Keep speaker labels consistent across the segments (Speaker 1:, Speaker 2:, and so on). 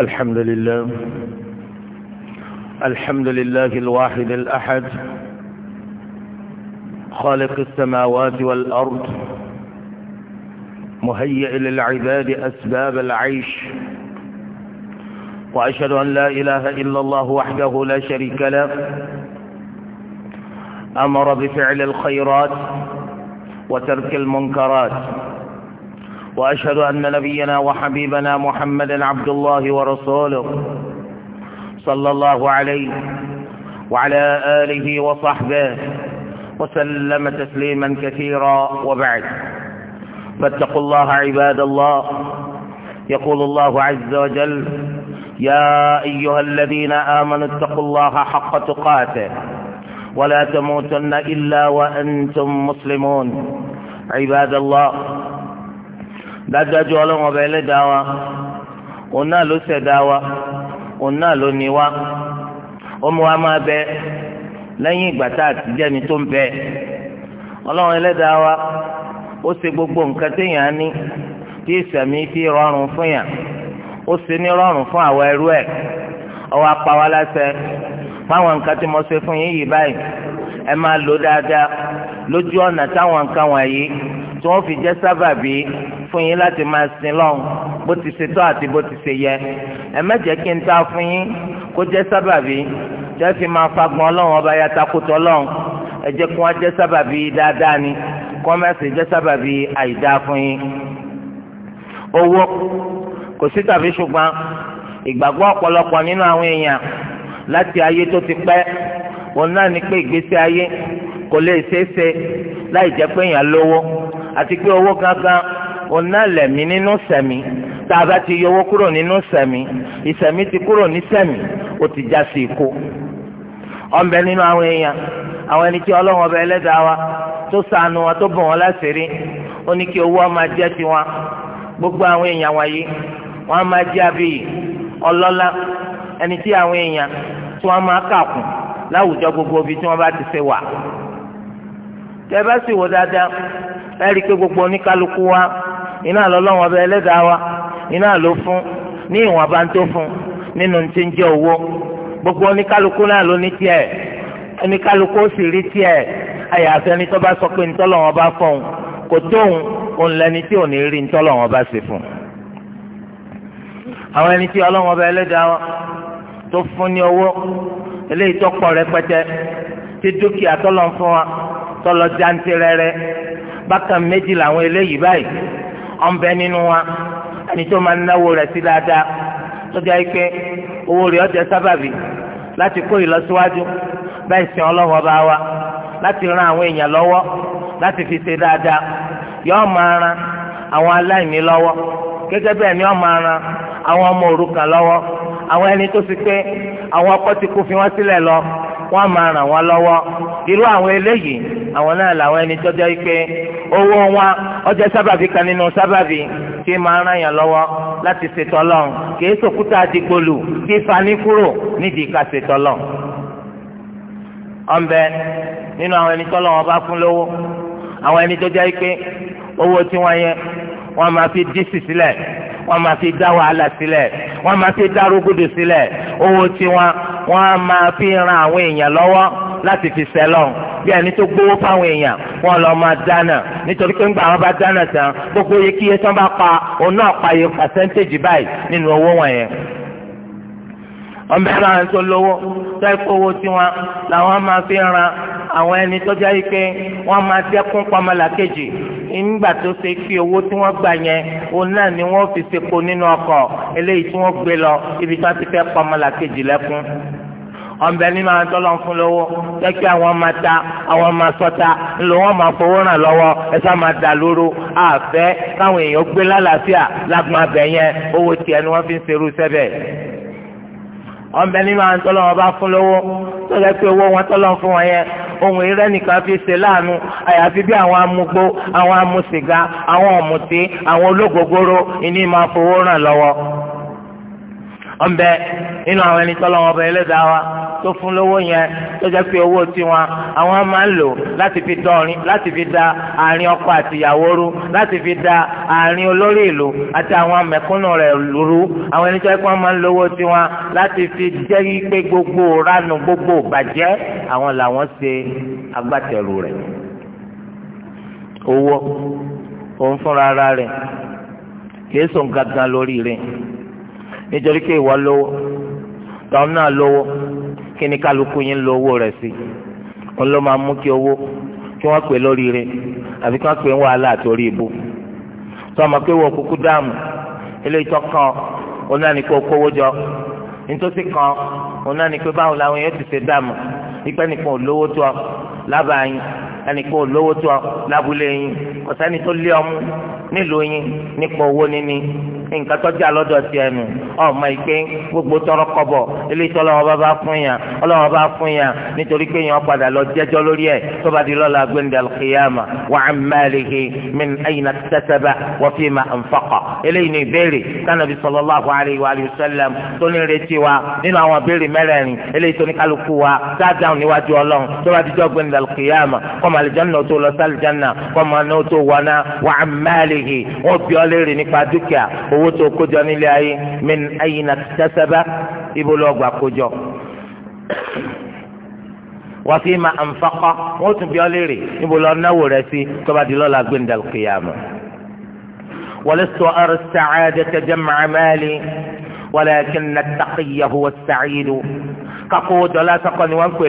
Speaker 1: الحمد لله الحمد لله الواحد الأحد خالق السماوات والأرض مهيئ للعباد أسباب العيش وأشهد أن لا إله إلا الله وحده لا شريك له أمر بفعل الخيرات وترك المنكرات وأشهد أن نبينا وحبيبنا محمدا عبد الله ورسوله صلى الله عليه وعلى آله وصحبه وسلم تسليما كثيرا وبعد فاتقوا الله عباد الله يقول الله عز وجل يا أيها الذين آمنوا اتقوا الله حق تقاته ولا تموتن إلا وأنتم مسلمون عباد الله dájúdájú ọlọ́run ọba ẹlẹ́dàá wa òun náà ló ṣẹ̀dá wa òun náà ló ní wa ó mú wa máa bẹ lẹ́yìn ìgbà tá a ti jẹ́ni tó ń bẹ ọlọ́run ẹlẹ́dàá ó ṣe gbogbo nǹkan téèyàn á ní tí ìsẹ̀mí fi rọrùn fún yàn ó ṣe ní rọrùn fún àwọn ẹrú ẹ̀ ọwọ́ apá wa fáwọn nǹkan tí mo ṣe fún yín yìí báyìí ẹ máa lò dáadáa lójú ọ̀nà táwọn nǹkan wọ̀nyí fún yín láti máa sin lọ́hùn bó ti ṣe tọ́ àti bó ti ṣe yẹ ẹ má jẹ́ kí n ta fún yín kó jẹ́ sábàbí tẹ́ fi máa fagbọn ọlọ́run ọba yàtá kótó ọlọ́run ẹ jẹ́ kí wọ́n jẹ́ sábàbí dáadáa ni kọ́ mẹ́sì jẹ́ sábàbí àìdáa fún yín. owó kò sí tàbí ṣùgbọ́n ìgbàgbọ́ ọ̀pọ̀lọpọ̀ nínú àwọn èèyàn láti ayé tó ti pẹ́ òun náà ni pé ìgbésí ayé kò lè ṣeé ṣe láì jẹ́ pé èèyàn lówó àti pé owó gangan ona náà nínú sẹ̀mí tá a bá ti yọwọ́ kúrò nínú sẹ̀mí ìsẹ̀mí ti kúrò ní sẹ̀mí ti já sí ikú ọ̀nbẹ nínú àwọn èèyàn àwọn ẹni tí ọlọ́run ọba ẹlẹ́dàá wa tó wọn tó bọ̀ wọn ọmọ jẹ́ gbogbo àwọn èèyàn wọn á máa ọlọ́lá ẹni tí àwọn èèyàn tí gbogbo tí wọ́n bá ti ṣe wà. bá sì wò dáadáa ẹ rí i pé gbogbo oníkálukú wa iná lọ́lọ́wọ́n ọba ẹlẹ́dàá wa iná ló fún ní ìwọ̀n bá ń tó fún nínú ti ń jẹ́ owó gbogbo oníkálukú náà ló ní tiẹ̀ oníkálukú ó sì rí tiẹ̀ àyàfẹ́ ni tó bá sọ pé ntọ́lọ́wọ́n bá fọ̀ òun kò tóun òun lẹni tí ò ní rí ntọ́lọ́wọ́n bá ṣe fún un. àwọn ẹni tí ọlọ́wọ́n ọba ẹlẹ́dàá wa tó fún ní owó eléyìí tó pọ̀ rẹpẹtẹ tí dúkìá tọ́lọ́ fún wa tọ́lọ́ jántìrẹrẹ bákan méjì làwọn eléyìí báyìí ọ̀nbẹ nínú wa ẹni tó máa náwó rẹ̀ sí dáadáa lọ́jọ́ ike owó rẹ̀ ọjọ́ sábàbí láti kó ìlọsíwájú bẹ́ẹ̀ sìn ọlọ́wọ́ bá wa láti ran àwọn èèyàn lọ́wọ́ láti fi ṣe dáadáa yọ́ọ́ máa ran àwọn aláìní lọ́wọ́ gẹ́gẹ́ ni ọ́ máa ran àwọn ọmọ òrukàn lọwọ. àwọn ẹni tó ti pé àwọn ọkọ ti kú fi wọn sílẹ̀ lọ wọn máa ràn wọn lọ́wọ́ irú àwọn eléyìí àwọn náà làwọn ẹni tó jẹ́ pé owó wọn ọjọ́ sábàbí kan nínú sábàbí kí máa ràn yàn lọ́wọ́ láti ṣètò kìí sòkúta kí fani kúrò nídìí ká ṣètò ọ̀nbẹ nínú àwọn ẹni wọn bá fún lówó àwọn ẹni tó fi dísì sílẹ̀ wọ́n máa fi dá wàhálà sílẹ̀ wọ́n máa fi dá rúgùdù sílẹ̀ owó tiwọn wọ́n á máa fi ran àwọn èèyàn lọ́wọ́ láti fi sẹ́lọ̀ bí ẹni tó gbowó fáwọn èèyàn wọn lọ máa dáná nítorí pé ńgbà wọn bá dáná tán gbogbo iye kíye tán bá pa òun náà pa iye pàṣẹ́ntéèjì báyìí nínú owó wọn yẹn ọmọ ẹ̀rọ àwọn tó lówó tó ẹ̀kọ́ owó tiwọn làwọn máa fi ran àwọn ẹni tọ́jú ayé pé wọ́n máa dẹ́kun pamọ́làkejì nígbà tó ṣe pé owó tí wọ́n gbà yẹn òun náà ni wọ́n fi ṣepo nínú ọkọ̀ eléyìí tí wọ́n gbé lọ ibi tí wọ́n ti fẹ́ pamọ́làkejì lẹ́kún ọ̀nbẹ nínú àwọn tọ́lọ̀ ń fún lọ́wọ́ lẹ́kẹ́ àwọn máa ta àwọn máa sọ́ta ńlọ wọn máa fowó ràn lọ́wọ́ ẹ̀sán máa dà lóró àfẹ́ káwọn èèyàn gbé lálàáfíà lágbọ́n abẹ yẹn owó tiẹ̀ ni wọ́n fi ń serú sẹ́bẹ̀ ọ̀nbẹ nínú àwọn tọ́lọ́ wọn bá fún lówó tó yẹ pé owó wọn tọ́lọ́ fún wọn yẹn ohun eré nìkan fi ṣe láàánú àyàfi bí àwọn amugbó àwọn amusìgá àwọn ọ̀mùtí àwọn ológogoro ìní máa fowó ràn lọ́wọ́ ọ̀nbẹ nínú àwọn ẹni tọ́lọ́ wọn ọba ẹlẹ́dàá wa tó fún lówó yẹn tó jẹ́ pé owó tiwọn àwọn máa ń lò láti fi dọ̀rin láti fi da àárín ọkọ àti ìyàwó rú láti fi da àárín olórí ìlú àti àwọn mẹ̀kúnnù rẹ̀ rú àwọn ẹni tó yẹ máa ń lówó tiwọn láti fi jẹ́ pé gbogbo ránù gbogbo bàjẹ́ àwọn làwọn ṣe agbátẹrù rẹ̀ owó òun fúnra rẹ̀ kìí sùn gángan lórí rẹ̀. nítorí pé ìwọ lówó tọ́m náà lówó kí ni kálukú yín lo owó rẹ̀ sí òun ló máa mú kí owó kí wọ́n pè lóríire àbí kí wọ́n pè ń wàhálà àtòrí ibú tọ́mọ pé wọ́n kúkú dáàmú kan òun náà ní kó kówó jọ nítòsí kan òun náà ní pé báwo làwọn yóò ti ṣe dáàmú nìkan lówó tó ẹnìkan ò lówó tó lábúlé yín ọ̀sẹ́ni tó lé ọmú nílùú yín nípa owó níní nǹkan tọ́jà lọ́dọ̀ ti ẹnu ọmọ ìpè gbogbo tọrọ kọ́bọ̀ eléyìí tọ́lọ́wọ́ bá bá fún yàn ọlọ́wọ́ bá fún yàn nítorí pé yàn padà lọ jẹ́jọ́ lórí ẹ̀ tó bá di lọ́la gbẹ̀ndẹ̀ alqiyama wa ammalihi min ayna iktasaba wa fima anfaqa eléyìí ni ìbéèrè kánàbí sallallahu alayhi wa sallam tó ní retí wa nínú àwọn béèrè mẹ́rẹ̀ẹ̀rin eléyìí tó kọ́mọ alìjáná tó lọ sí alìjáná kọ́mọ aná tó wọná wà á máàlìhì wọ́n bí ọ léèrè nípa dúkìá owó tó kójọ nílé ayé min ayin akitẹ́sẹ́bá ibo lọ gbà kójọ wà fi ma ànfàkọ́ wọ́n tún bí ọ léèrè ibo lọ náwó rẹ sí tọ́ba di lọ́la gbẹ̀ndàkìyàmù. ولست أرى السعادة جمع مالي ولكن التقي هو السعيد كقود لا تقن وانكو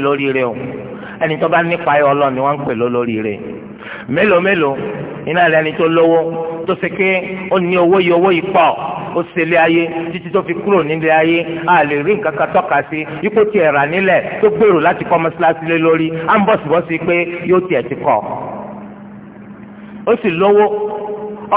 Speaker 1: ẹni tó bá nípa ayọ̀ ọlọ́run ni wọ́n ń pè lólórí rẹ̀ mélòó mélòó iná rẹ̀ ẹni tó lówó tó ṣe pé ó ní owó yìí owó yìí pọ̀ ó ṣẹlẹ̀ ayé títí tó fi kúrò nílé ayé a lè rí nǹkan kan tọ́ka sí ipò tiẹ̀ rà nílẹ̀ tó gbèrò láti kọ́ mọ́ṣáláṣí lé lórí à ń bọ̀sibọ́sí pé yóò tiẹ̀ ti kọ́ ó sì lówó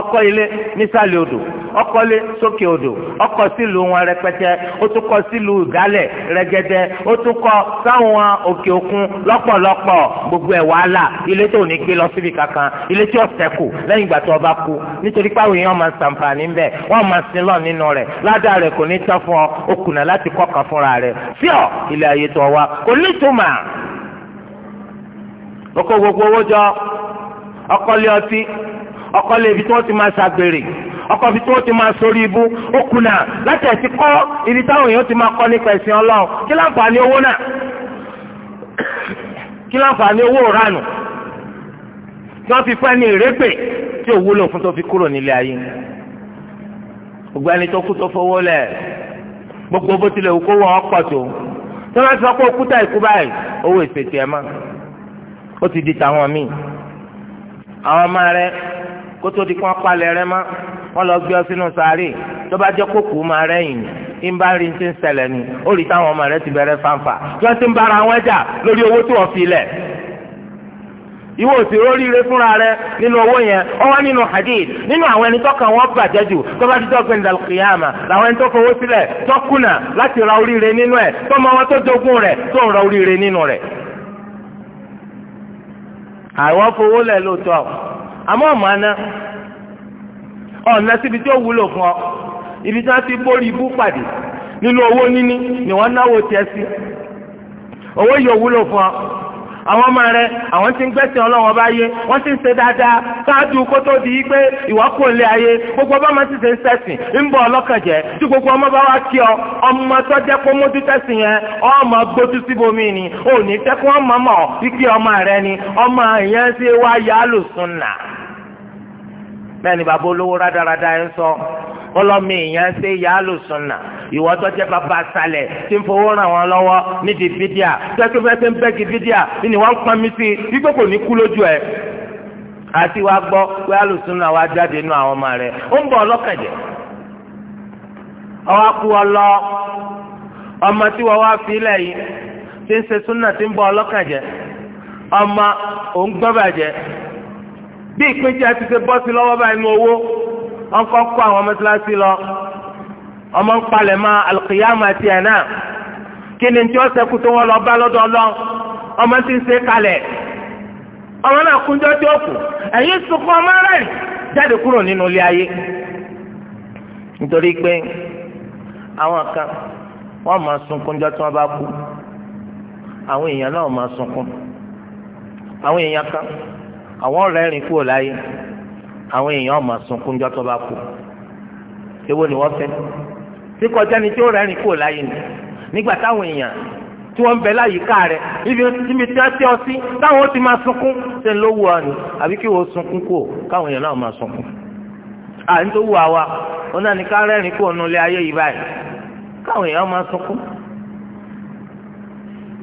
Speaker 1: ọkọ ilé nísàlẹ̀ odò ọkọ ilé sókè odò ọkọ sílùú wọn rẹpẹtẹ ó tún kọ́ sílùú ìgálẹ̀ rẹgẹdẹ ó tún kọ́ sáwọn òkè òkun lọ́pọ̀lọpọ̀ gbogbo ẹ̀ wàhálà ilé tó ní gbé lọ síbi kankan ilé tí ọ̀sẹ̀ kù lẹ́yìn ìgbà tó ọba kú nítorí páwọn èèyàn máa ṣàǹfààní ńbẹ wọ́n máa sin lọ nínú rẹ̀ ládàá rẹ̀ kò ní tán fún ọ ó kùnà láti kọ́kàn fúnra rẹ̀ sí ilé ayé tó wá kò ní ìtumọ̀ ọkọ̀ gbogbo owó jọ ọkọ̀ lé ọtí ọkọ lè ibi tí wọ́n ti máa ṣàgbèrè ọkọ ibi tí wọ́n ti máa sórí ibú ó kùnà láti ẹ̀sìn kọ́ ibi táwọn èèyàn ti máa kọ́ nípa ẹ̀sìn ọlọ́run kí láǹfààní owó náà kí láǹfààní owó ránù tí wọ́n fi fún ẹni ìrépè tí ò wúlò fún tó fi kúrò nílé ayé gbogbo ẹni tó kú tó fowó lẹ̀ gbogbo bó tilẹ̀ kó wọ́n ọkọ̀ tó tí wọ́n sọ pé òkúta ìkú báyìí owó ìṣètì ẹ̀ máa ó ti di tàwọn míì àwọn ọmọ rẹ̀ kótó di kó palẹ̀ rẹ mọ́ wọ́n lọ gbé ọ sínú sàárè tó bá jẹ́ kókò máa rẹ́yìn ní ń bá rí ti ń ṣẹlẹ̀ ni ó rí táwọn ọmọ rẹ ti bẹ̀rẹ̀ fáńfà tí wọ́n ti ń bára wọn jà lórí owó tí wọ́n fi lẹ̀ ìwọ òsì oríire fúnra rẹ nínú owó yẹn ọwọ́ nínú hadith nínú àwọn ẹni tọ́kàn wọn bàjẹ́ jù tó bá dídọ́ gbẹ̀ndà kìyàmà làwọn ẹni tó fowó sílẹ̀ tó láti ra oríire nínú ẹ̀ tọ́mọ wọn tó jogún rẹ̀ tó ń ra oríire nínú rẹ̀. àwọn fowó lẹ̀ lóòótọ́ àmọ́ ọ̀mọ́ aná ọ̀nà síbi tí ó wúlò fún ọ ibi tí wọ́n ti bórí ibú pàdé nínú owó níní ni wọ́n náwó tiẹ̀ sí owó yìí ò wúlò fún ọ àwọn ọmọ rẹ àwọn ti ń gbẹ́sìn ọlọ́wọ́ bá yé wọ́n ti ń ṣe dáadáa ṣáájú kó tó di pé ìwọ́ kò lé gbogbo ọmọ ti ń sẹ́sìn ń bọ̀ ọlọ́kànjẹ́ tí gbogbo ọmọ bá wá kí ọ ọmọ tó jẹ́ kó mójú tẹ̀sìn yẹn ọmọ gbójú ni ò ní tẹ́kún ọmọ mọ̀ ìwọ tó jẹ́ bàbá aṣálẹ̀ tí ń fowó ràn wọ́n lọ́wọ́ nídìí fídíà tẹ́tí fẹ́ ṣe ń bẹ́ẹ̀kì fídíà ni wọ́n pọn mi sí i kò ní kú lójú àti wàá pé wàá jáde nínú àwọn ọmọ rẹ̀ ó ń bọ̀ ọlọ́kẹ̀dẹ̀ ọwọ́ ọmọ tí wá yìí ti ṣe sí ọmọ ń palẹ̀ mọ́ alùkìyàmù àti ẹ̀ náà kí ni tí ó sẹ́kù tó wọ́n lọ bá lọ́dọ̀ lọ ọmọ ti ń ṣe kalẹ̀ ọmọ náà kúnjọ́ tí ó kù ẹ̀yin sunkún ọmọ rẹ̀ jáde kúrò nínú ilé ayé nítorí pé àwọn kan wọ́n máa sunkún jọ́ tí wọ́n bá kú àwọn èèyàn náà máa sunkún àwọn èèyàn kan àwọn rẹ́rìn kúrò láyé àwọn èèyàn máa sunkún jọ́ tí wọ́n bá kú èwo ni wọ́n fẹ́ tí kọjá ni tí ó rẹ́rìn kúrò láyé ni nígbà táwọn èèyàn tí wọ́n ń bẹ láyìíká rẹ̀ ibi tí tí tí ọ sí táwọn ó ti máa sunkún ṣe ń lówó ọ ni àbí kí wọ́n sunkún kúrò káwọn èèyàn náà máa sunkún. à ń tó wù àwa ó náà ní ká rẹ́rìn kúrò nulẹ̀ ayé yìí báyìí káwọn èèyàn máa sunkún.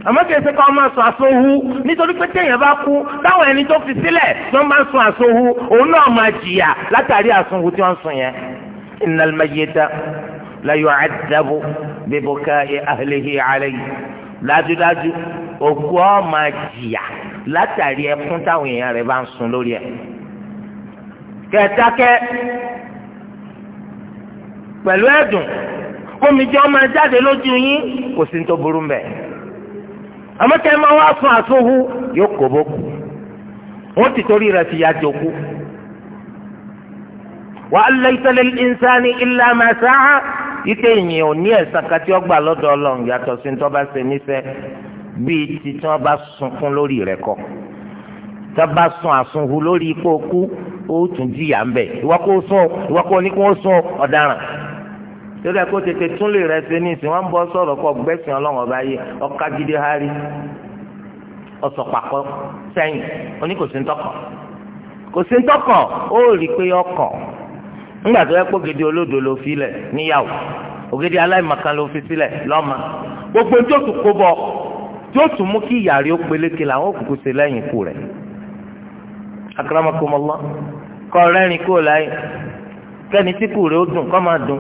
Speaker 1: àmọ́ kìí ṣe ká máa sọ àsohu nítorí pé téèyàn bá kú táwọn ẹni tó fi sílẹ̀ tí wọ́n máa sọ ليعذب ببكاء أهله عليه dájúdájú òkú ọ máa jìyà látàrí ẹkún táwọn èèyàn rẹ̀ bá ń sun lórí ẹ̀. kẹtàkẹ pẹ̀lú ẹ̀dùn omijé ọ máa jáde lójú yín kò sí tó burú mbẹ̀. àmọ́ máa wá fún àtúhù yóò kó bókù wọ́n ti torí rẹ̀ fìyà jókòó. وأن ليس للإنسان إلا ما سعى ike ìyìn ò ní ẹ̀sán kan tí ó gbà lọ́dọ̀ ọlọ́run yàtọ̀ sí tó bá ṣe níṣẹ́ bíi ti tí wọ́n bá sunkún lórí rẹ̀ kọ́ tó bá sun àsunhu lórí ipò kú ó tún jìyà ń bẹ̀ ìwọ kó sún ìwọ kó ní kó sún ọ̀daràn torí ẹ kó tètè tún lè rẹ ṣe ní ìsìn wọn bọ sọ̀rọ̀ kọ gbẹsìn ọlọ́run ọba yìí ọkà jíde hárí ọsọpàkọ sẹ́yìn oníkòsíntọkọ kòsíntọkọ ó rí i pé ọkàn ńgbà tó yẹ kó gidi olódo ló fi lẹ̀ níyàwó ògidì aláìmọ̀kan ló fi sílẹ̀ lọ́mọ gbogbo tó tún kó bọ̀ tó tún mú kí ìyàrí ó peléke làwọn òkùnkùn ṣe lẹ́yìn ikú rẹ̀ akramakumullah kọ́ rẹ́rìn kó láyé kẹ́ni tí kù rẹ̀ ó dùn kọ́ máa dùn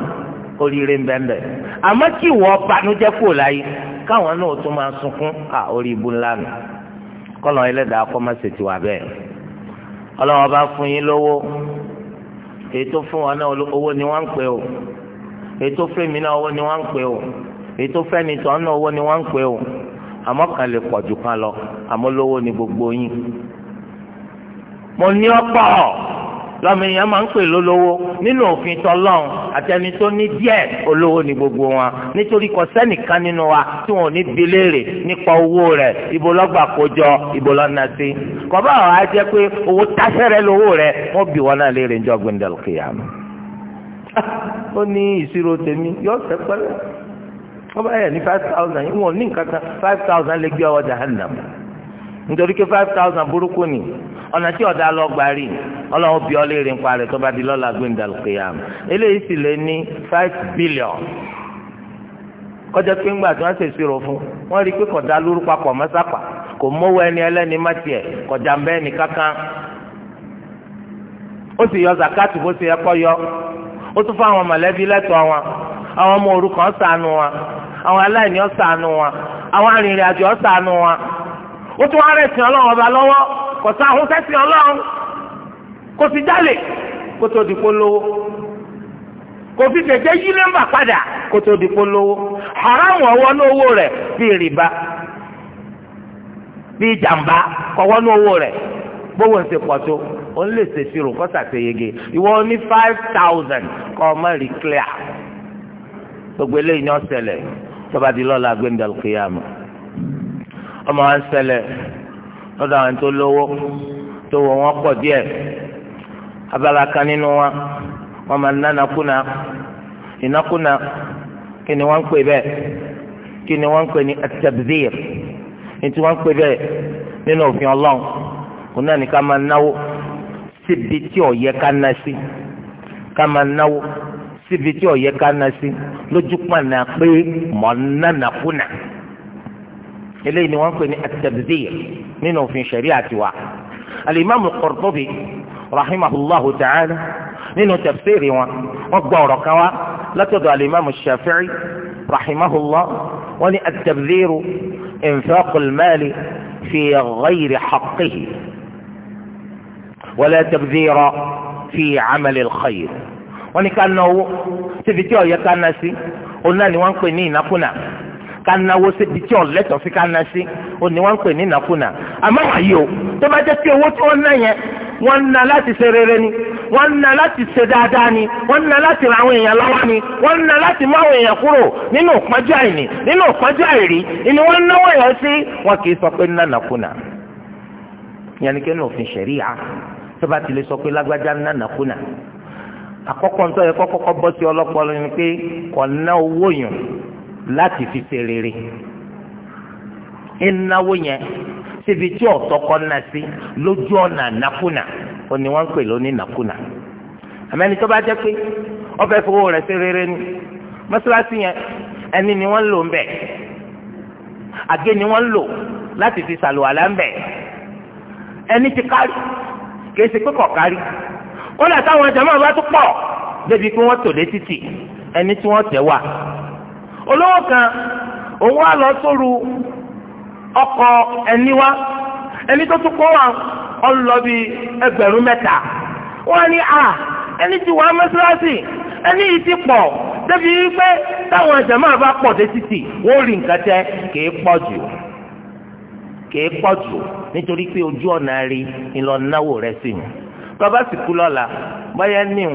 Speaker 1: oríire ń bẹ́ẹ̀ kí ìwọ banújẹ́ kó láyé káwọn náà tún máa sunkún à orí ibu ńlá nù kọ́lọ́ ẹlẹ́dàá kọ́ má ṣètìwà bẹ́ẹ̀ fún yín lówó ètò fún wa náà owó ni wọ́n ń pè o ètò fẹ́mi náà owó ni wọ́n ń pè o ètò fẹ́ni tó náà owó ni wọ́n ń pè o àmọ́ kan lè pọ̀ jù kan lọ àmọ́ lówó ni gbogbo yín mo ní ọ̀pọ̀. lọ́mọ èèyàn máa ń pè lólówó nínú òfin tọ́lọ́run àtẹni tó ní díẹ̀ olówó ni gbogbo wọn nítorí kò sẹ́nìkan nínú wa tí wọn ò ní bi nípa owó rẹ̀ ibo lọ́gbà kójọ ibo lọ́nà sí kọ́bá ọ̀ á jẹ́ pé owó táṣẹ́rẹ́ lówó rẹ̀ wọ́n bì wọ́n náà léèrè níjọ́ gbẹ̀ndẹ̀lùkìyàmù ó ní ìṣirò tèmi pẹ́lẹ́ ní five thousand ní nítorí pé five thousand burúkú ni ọ̀nà tí ọ̀dà lọ gba rí ọlọ́run bí ọ lè rìn pa rẹ̀ tó bá di lọ́la gbẹ̀ndàlùkè yàm eléyìí sì lé ní five billion kọjá pé ńgbà tí wọ́n ṣe ìṣirò fún wọ́n rí i pé kọ̀dá lóru papọ̀ mọ́sápà kò mówó ẹni ẹlẹ́ni má tiẹ̀ kọjá ń kankan ó sì yọ zakat bó ṣe yọ ó tún fún àwọn mọ̀lẹ́bí wọn àwọn ọmọ wọn àwọn aláìní wọn ó tún wá rẹ̀sìn ọlọ́run ọba lọ́wọ́ kò sá ahun sẹ́sìn ọlọ́run kò sì jálè tó di polówó kò fi yí nọ́mbà padà tó di polówó haram ọwọ́ ní rẹ̀ bí rìbá bí jàmbá kọ̀wọ́ ní rẹ̀ bówó ń ṣe ní five thousand kọ́ clear gbogbo eléyìí ni tọ́ba ọmọ wa ń ṣẹlẹ̀ lọ́dọ̀ àwọn tó lówó tó wọ wọn pọ̀ abala kan nínú wa wọn máa nánakúna kuna kí ni wọ́n ń pè bẹ́ẹ̀ kí ni wọ́n ń pè ní atabdir ní tí wọn ń pè bẹ́ẹ̀ nínú òfin ọlọ́run kò náà ní ká máa náwó síbi tí yẹ ká ná sí ká máa náwó síbi eléyìí ni wọ́n ń pè ní at-tabdhir nínú òfin ṣẹ̀ríà tiwa al-imam al-Qurtubi rahimahullahu ta'ala nínú tafsiri wọn wọ́n gbọ́ ọ̀rọ̀ kan wá látọ̀dọ̀ al-imam al-Shafi'i rahimahullah wọ́n ní at-tabdhir infaq al-mal fi ghayri haqqihi wala tabdhir fi 'amal al-khayr wọ́n ní ká náwó tìbítí ọ̀yẹ́ ká ná sí òun náà ni wọ́n ń pè ní ìnákúnà. ká náwó síbi tí ọ̀lẹ́tọ̀ sí ká ná sí ó wọ́n ń pè ní nàkúnà àmọ́ wàyí o tó bá jẹ́ pé owó tí wọ́n ná yẹn wọ́n ń láti ṣe rere ni wọ́n ń ná láti ṣe ni wọ́n ń láti ra àwọn èèyàn lọ́wọ́ ni wọ́n ń ná láti mú àwọn èèyàn kúrò nínú ìpọ́njú àìní nínú ìpọ́njú àìrí ni wọ́n náwó yẹn sí wọn kì í sọ pé ná nàkúnà ìyẹn ni ní òfin ṣẹ̀ríyà tó bá ti lè sọ pé lágbájá ná nàkúnà àkọ́kọ́ ntọ́ yẹ bọ́ sí ọlọ́pọ̀ lónìí pé láti fi ṣe rere ìnáwó yẹn síbi tí ọ̀tọ́kọ́ ná sí lójú ọ̀nà nàkúnà ó ní wọ́n ń pè lóní nàkúnà àmẹ́ni tó bá jẹ́ pé ọbẹ̀ fowó rẹ̀ ṣe rere ni mọ́ṣáláṣí yẹn ẹni ni wọ́n lò ń bẹ̀ àgé ni wọ́n ń lò láti fi ṣàlùwàlá ń bẹ̀ ẹni tí kárí kìí ṣe pé kọ̀kárí kódà táwọn jàmáà bá tó pọ̀ débi pé wọ́n tò lé títì ẹni tí wọ́n tẹ̀ wà olówó kan òun wá lọ sóru ọkọ̀ ẹni wá ẹni tó tún kó wa ọlọ bí ẹgbẹ̀rún mẹ́ta wọ́n ní a ẹni tí wàá mẹ́sàlásì ẹni yìí ti pọ̀ débi pé táwọn ẹ̀jẹ̀ máa bá pọ̀ dé títì wọ́n rí nǹkan tẹ́ kì í pọ̀ jù kì í pọ̀ jù nítorí pé ojú ọ̀nà rí ńlọ náwó rẹ̀ sí mi tọ́ba sì kú lọ́la báyẹn ní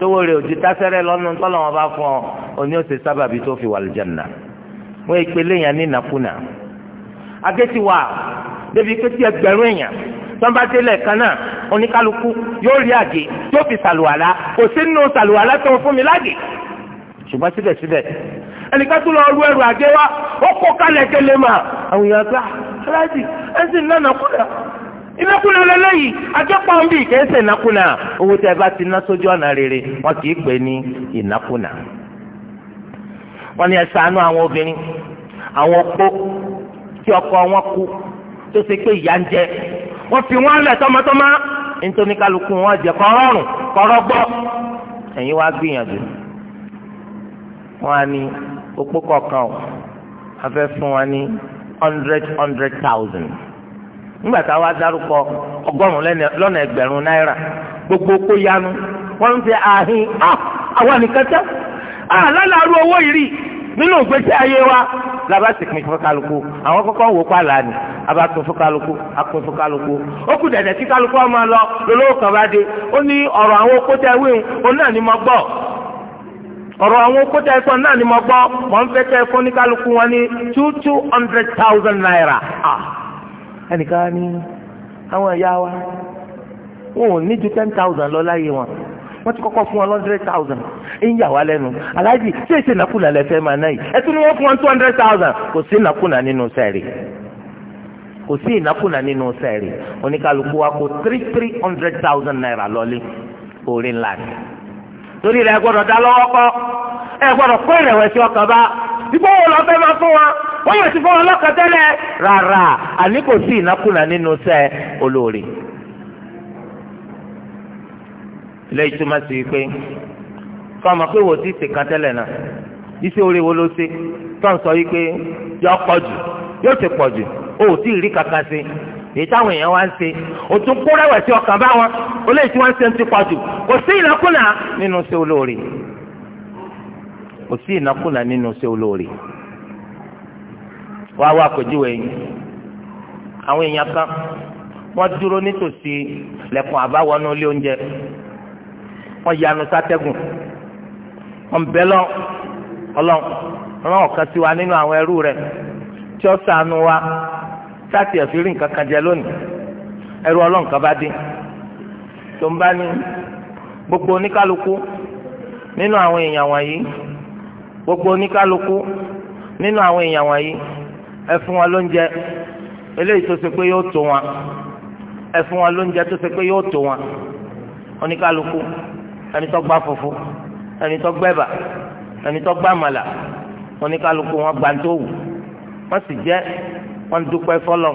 Speaker 1: tówó rẹ̀ òdi tásẹ́rẹ́ lọ́nà tọ́lọ̀ wọn bá fún ọ òní òsè sábàbí tó fi wà lùjẹ̀nà wọ́n èpè léèyàn ní ìnákúnà akéti wà débi pé tí ẹgbẹ̀rún èèyàn tọ́nba délẹ̀ kan náà oníkálukú yóò rí àgé tó fi sàlùwàlá kò sí nínú sàlùwàlá tó fún mi lágè ṣùgbọ́n síbẹ̀síbẹ̀ ẹnìkan tó lọ rú ẹrù àgé wa ó kó kálẹ̀ kẹlẹ́ mà àwọn èèyàn gbà aláàjì ah, ẹ sì ń ìnákúnà lélẹ́yìí àjọpọ̀ ń bì kẹ́sẹ̀ ìnákúnà owó tẹ́ bá ti ná sójú ọ̀nà rere wọn kì í pè ní ìnákúnà. wọ́n ní ẹ ṣàánú àwọn obìnrin àwọn opó tí ọkọ wọn kú tó ṣe pé ìyà ń jẹ wọ́n fi wọ́n lẹ̀ tọmọtọmọ nítorí kálukú wọn jẹ kọ́rọ́rùn kọ́rọ́gbọ́ ẹ̀yin wá gbìyànjú wọ́n á ní opó kọ̀ọ̀kan afẹ́ fún wa ní hundred hundred thousand. nígbà tá a wá dárúkọ ọgọ́rùn lọ́nà náírà gbogbo kó yanu wọn ń ṣe àhín ah, àwọn nìkan tẹ́ àlálàrú ah, owó ìrì nínú ìgbésí ayé wa laba sì pin fún àwọn kọ́kọ́ wò pa lànà àbá pin fún kálukú apin ó kù dẹ̀dẹ̀ tí kálukú ọmọ lọ kan bá dé ó ní àwọn ni mo gbọ́ ọ̀rọ̀ àwọn okótẹ́ náà ni mo gbọ́ mọ̀ ń fún naira. Ah. ẹnìkan ní àwọn ẹ̀yà wa wọn ò ní ju ten thousand lọ láyé wọn wọ́n ti kọ́kọ́ fún wọn hundred thousand ń yà wá lẹ́nu aláàjì ṣé èsì nàkúnà lẹ́fẹ́ máa náà yìí tún ní wọ́n fún wọn two hundred thousand kò sí nàkúnà nínú sẹ́ẹ̀rì kò sí ìnákúnà nínú sẹ́ẹ̀rì oníkàlùkù wa kó three three hundred thousand naira lọ́lé orí ńlá ni torí rẹ̀ gbọ́dọ̀ dá lọ́wọ́ kọ́ ẹ gbọ́dọ̀ kó ìrẹ̀wẹ̀sì ọkàn bá dípò lọ fẹ́ máa fún wọn wọ́n yóò ti fún wọn lọ́kàn tẹ́lẹ̀ rárá àní kò sí ìnákùnà nínú sẹ́ olóore. ilé ìtumọ̀ sí pé pé wò ó ti tẹ́lẹ̀ náà iṣẹ́ orí wo ló ṣe tó ń sọ yìí pé pọ̀ jù yóò ti pọ̀ jù o ò tí ì rí kankan ṣe èyí táwọn èèyàn wá ń ṣe o tún kó ọkàn bá wọn ń ṣe kò sí ìnákùnà nínú ṣe olóore wá wá àpèjúwe yìí àwọn èèyàn kan wọ́n dúró nítòsí lẹ́kùn àbáwọnú ilé oúnjẹ wọ́n yanu sátẹ́gùn wọ́n bẹ lọ ọlọ́n ọlọ́n ọ̀kan sí wa nínú àwọn ẹrú rẹ̀ tí ó ṣàánú wa sáàtì ẹ̀fírí nǹkan kan jẹ lónìí ẹrú ọlọ́n kan bá dé tó ń bá ní gbogbo oníkálukú nínú àwọn èèyàn wọ̀nyí gbogbo oníkálukú nínú àwọn èèyàn wọ̀nyí ẹ fún wọn lóúnjẹ eléyìí tó ṣe pé yóò tó wọn ẹ fún wọn lóúnjẹ tó ṣe pé yóò tó wọn oníkálukú ẹni tó gbá fufu ẹni tó gbẹ́bà ẹni tó gbá màlà oníkálukú wọn gbà tó wù wọn sì jẹ wọn dúpẹ́ fọlọ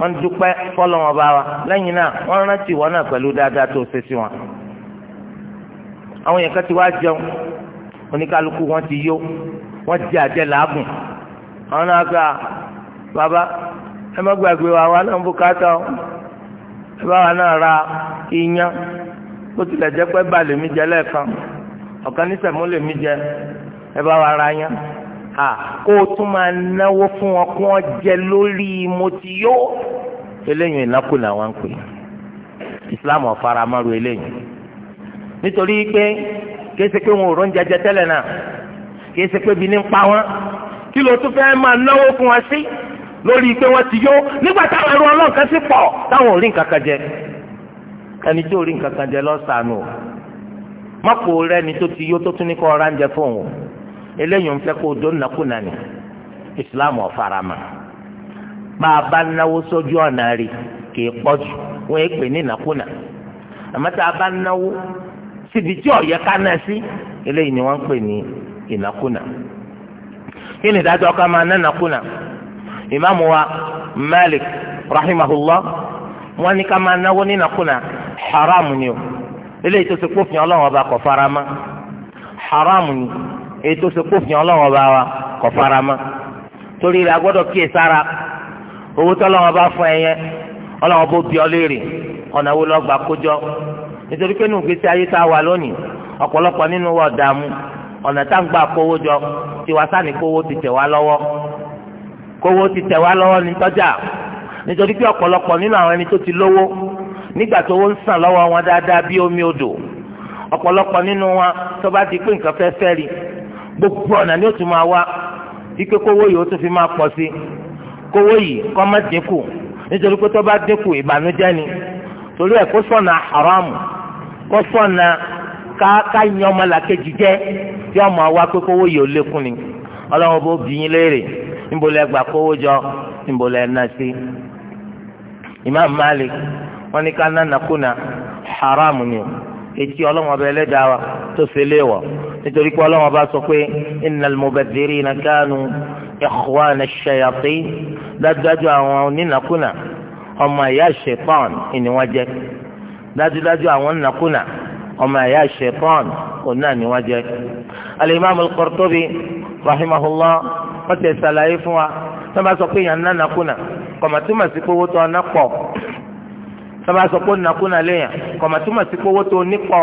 Speaker 1: wọn dúpẹ́ fọlọ wọn bá wa lẹ́yìn náà wọn rántí wọn náà pẹ̀lú dáadáa tó ṣe sí wọn àwọn yẹn kẹtì wá jẹun oníkálukú wọn ti yó wọn jẹ àjẹ làágùn àwọn náà gba bàbá ẹ má gbàgbé wa wa náà ń bùkátà ọ ẹ bá wa náà ra iyán bó tilẹ̀ jẹ́ pé bá lèmi jẹ lẹ́ẹ̀kan ọ̀kan ní sẹ̀mú lèmi jẹ ẹ bá wa ra yán à kó o tún máa náwó fún wọn kó wọn jẹ lórí mo ti yó eléyìí ìnákùnà wọn ń pè Islam ọ̀faramaru eléyìí nítorí pé. kìí ṣe pé wọn ò rọ́ ń jẹjẹ tẹ́lẹ̀ náà kìí ṣe pé bí ní ń pa wọn kí ló tún fẹ́ máa fún sí lórí pé ti yó nígbà táwọn ẹrú ọlọ́ọ̀kan sí pọ̀ táwọn ò rí nǹkan kan jẹ ẹni tó rí nǹkan kan jẹ lọ́sàánù mọ́pò rẹ ni tó ti yó tó tún ní kọ́ ọ̀rá ń jẹ fóun o fẹ́ kó o dó ni Islam ọ̀farama bá a bá náwó sójú ọ̀nà rí síbi tí ọ̀yẹ́ ká náà sí eléyìí ni wọ́n ń pè ní ìnákúnà kí ni ìdájọ́ ká máa ná ìnákúnà ìmáàmù wa Malik rahimahullah wọ́n ní ká máa náwó ní haram ni o eléyìí tó ṣe kófin ọlọ́run ọba haram ni èyí tó ọlọ́run ọba wa fara mọ́ torí rẹ̀ a kíyè sára owó tọ́lọ́run ọba fún ẹ yẹn ọlọ́run ọ léèrè ọ̀nà wo nítorí pé nínú ìgbésí ayé tá a wà lónìí ọ̀pọ̀lọpọ̀ nínú wa dààmú ọ̀nà tá ń gbà kówó jọ tiwa sáni kówó ti tẹ̀ wá lọ́wọ́ kówó ti tẹ̀ wá lọ́wọ́ ní tọ́jà nítorí pé ọ̀pọ̀lọpọ̀ nínú àwọn ẹni tó ti lówó nígbà tó ń sàn lọ́wọ́ wọn dáadáa bí omi odò ọ̀pọ̀lọpọ̀ nínú wọn tó bá ti pé nǹkan fẹ́ fẹ́ rí gbogbo ọ̀nà ni ó tún máa wá ike kówó yìí ó tún fi máa pọ̀ sí kówó yìí kọ́ má dínkù nítorí pé tó bá dínkù ìbànújẹ́ ni torí ẹ̀ kó sọ̀nà haramu kó sọ̀nà káàká yan ọmọlàkejì jẹ́ tí ọmọ wa pé kówó yìí ó lékún ni ọlọ́run bó bí léèrè níbo lẹ gbà kówó jọ níbo lẹ sí. Imam Malik wọn ní ká nánà kúnà haramu ni o etí ọlọ́run ọba wa tó nítorí pé ọba sọ pé innal mubadhirina kanu ikhwana dájúdájú àwọn onínàkúnà. ọmọ ìyá ṣetán ni wọ́n jẹ́ dájúdájú àwọn nàkúnà ọmọ ìyá ṣetán òun náà ni wọ́n jẹ́. alimami Qurtubi rahimahullah wọ́n ti ṣàlàyé fún wa tó bá sọ pé èèyàn ná nàkúnà kọ̀mọ̀túmọ̀ sí pé owó tó ọ̀nà pọ̀ tó bá sọ pé nàkúnà léèyàn kọ̀mọ̀túmọ̀ sí pé owó tó onípọ̀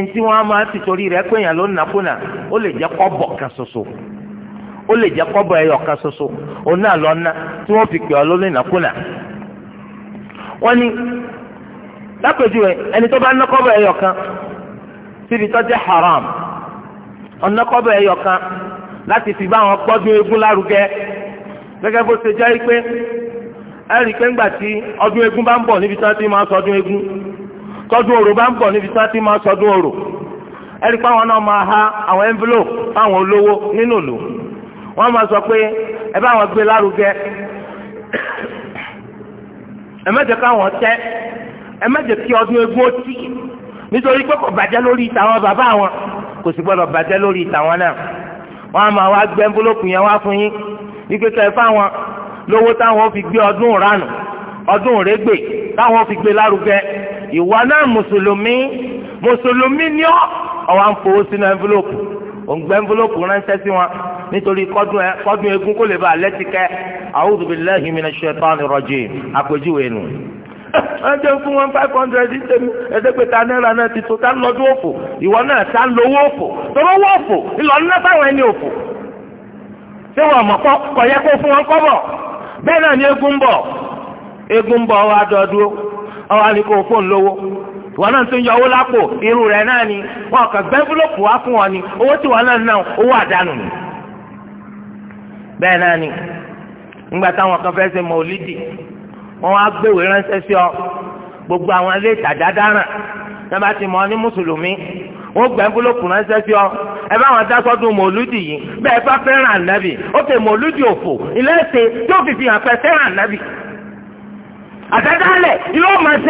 Speaker 1: ntí wọ́n á máa ti torí rẹ̀ pé èèyàn ló nàkúnà ó lè jẹ́ kọ́ bọ̀ kan ṣoṣo. ó lè jẹ́ kọ́bọ̀ ẹyọ kan soso òun náà lọ ná tí fi pè ọ́ lórí ìnákúnà. wọ́n ní lápèjúwe ẹni tó bá ná kọ́bọ̀ ẹyọ kan síbi tó haram ọ̀nà kọ́bọ̀ ẹyọ kan láti fi bá wọn lárugẹ bó ṣe pé pé ńgbà tí ọdún bá ń níbi tí ti máa sọdún eégún tọdún orò bá ń bọ̀ níbi tí ti máa sọdún orò ẹ̀rí pé àwọn wọ́n máa sọ pé ẹ bá wọn gbé lárugẹ ẹ má jẹ́ káwọn tẹ́ ẹ má jẹ́ kí ọdún egun ó tì nítorí pé kò bàjẹ́ lórí ìtàwọn bàbá wọn kò sì gbọ́dọ̀ bàjẹ́ lórí ìtàwọn náà wọ́n á máa wá gbé ńbólópù yẹn wá fún yín wípé kẹ́ ẹ fáwọn lówó táwọn fi gbé ọdún ránù ọdún rẹ́gbẹ̀ táwọn fi gbé lárugẹ ìwà náà mùsùlùmí mùsùlùmí ni ọ́ ọ̀wá ń fowó sínú ẹnfúlọ́pù òǹgbẹ́ ẹnfúlọ́pù ránṣẹ́ sí wọn nítorí kọ́dún egun kó lè bá lẹ́tìkẹ́ a'udhu billahi minash shaitani rajim àpèjúwe nù. ẹ jẹ́ fún wọn five hundred ṣẹ́mi ẹ̀ẹ́dẹ́gbẹ̀ta náírà náà ti tó tá lọ́dún òfò ìwọ náà tá lówó òfò tọ́lọ́ wọ́ òfò ìlọ́ni náà fáwọn ẹni òfò. ṣé wọn yẹ kó fún wọn náà ni egun bọ̀ egun bọ̀ wá dọ́dúró ọwọ́ àníkó fóun lówó wọn náà tún yọ owó lápò irú rẹ̀ náà ni wọn kàn gbẹ́ńfúlọ́pù wá fún wọn ni owó tí wọn náà ná owó àdánù ni. bẹ́ẹ̀ náà ni nígbà táwọn kan fẹ́ ṣe mọ̀lídì wọ́n wá gbéwèé ránṣẹ́ sí ọ gbogbo àwọn ilé ìtajà dáràn mo ní mùsùlùmí wọ́n gbà búlọ́kù ránṣẹ́ sí ọ ẹ bá wọn dásọdún mọ̀lúdì yìí bẹ́ẹ̀ bá fẹ́ràn ànábì ó fẹ́ mọ̀lúdì òfò ilé ẹ̀sìn fi fi hàn fẹ́ràn ànábì ṣe wọ́n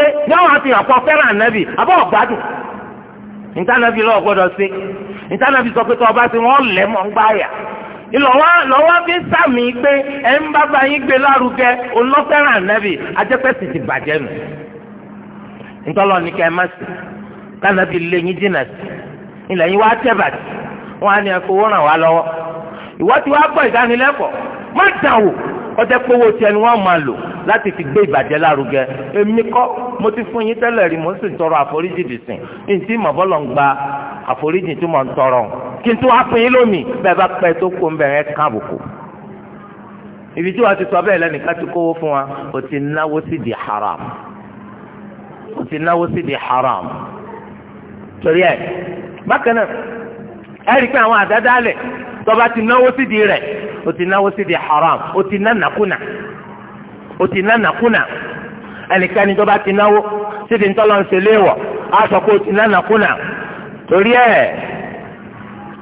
Speaker 1: fi hàn fẹ́ràn ànábì àbọ̀ ọ̀gbádùn ìtànàbí gbọ́dọ̀ ìtànàbí sọ pé tó ọba wọ́n mọ́ ń gbáyà lọ́wọ́ fi sàmì pé ẹ̀ ń bàbá yín gbé lárugẹ olọ́fẹ́ràn ànábì ajẹ́pẹ́sì ti bàjẹ́ nù. ntọ́lọ́ ni kẹ́ ẹ má sí kánàbì lé yín jìnnà sí ilẹ̀ yín wá tẹ́bàtì wọ́n á ní ràn wá lọ́wọ́ ìwọ́ ti wá gbọ́ ìdánilẹ́kọ̀ọ́ má dàn wò ọjọ́ pé owó tiẹ̀ ni wọ́n máa lò láti fi gbé ìbàjẹ́ lárugẹ èmi kọ́ mo ti fún yín tẹ́lẹ̀ rí mo sì ń tọrọ àforíjì dìsìn ní ti mọ̀bọ́lọ̀ ń gba àforíjì tí mo ń tọrọ kí n tó wá pín in bẹ́ẹ̀ bá pẹ́ tó kó ń bẹ̀rẹ̀ ká àbùkù ibi tí wàá ti sọ bẹ́ẹ̀ lẹ́nìkan ti kówó fún wa o ti náwó sí di haram o ti náwó sí di haram torí ẹ bákan náà ẹ rí i pé àwọn àdádálẹ̀ tọba ti náwó sídìí rẹ̀ o ti náwó sídìí haram o ti ná nàkúnà o ti ná nàkúnà ẹnikẹ́ni tọba ti náwó sídìí ntọ́lọ́ ń ṣẹlẹ̀ wọ̀ á sọ pé o ti ná nàkúnà torí ẹ̀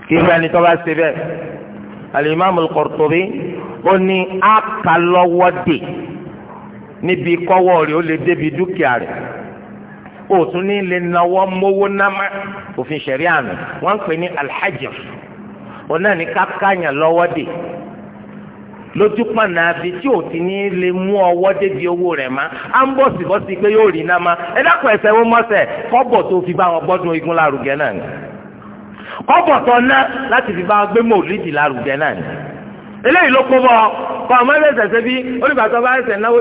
Speaker 1: kí n ni tọba ṣe bẹ́ẹ̀ alimami Qurtubi ó ní akalọ́wọ́ níbi kọ́wọ́ rẹ̀ ó lè débi dúkìá rẹ̀ òtún ní lè náwó mówó námá òfin ṣẹ̀ríà nù wọ́n pè ní alhajj òun ni ní lọ́wọ́ dè lójú pàna àbí tí ò ti ní lè mú ọwọ́ débi owó rẹ̀ má á ń bọ̀ síbọ̀sí pé yóò rí iná má ẹ dákun ẹsẹ̀ wọn mọ́sẹ̀ kọ́bọ̀ fi bá wọn igun lárugẹ náà ni kọ́bọ̀ tó ná fi bá wọn gbé mòlídìí lárugẹ náà ni eléyìí ló kó ọmọ bí bá náwó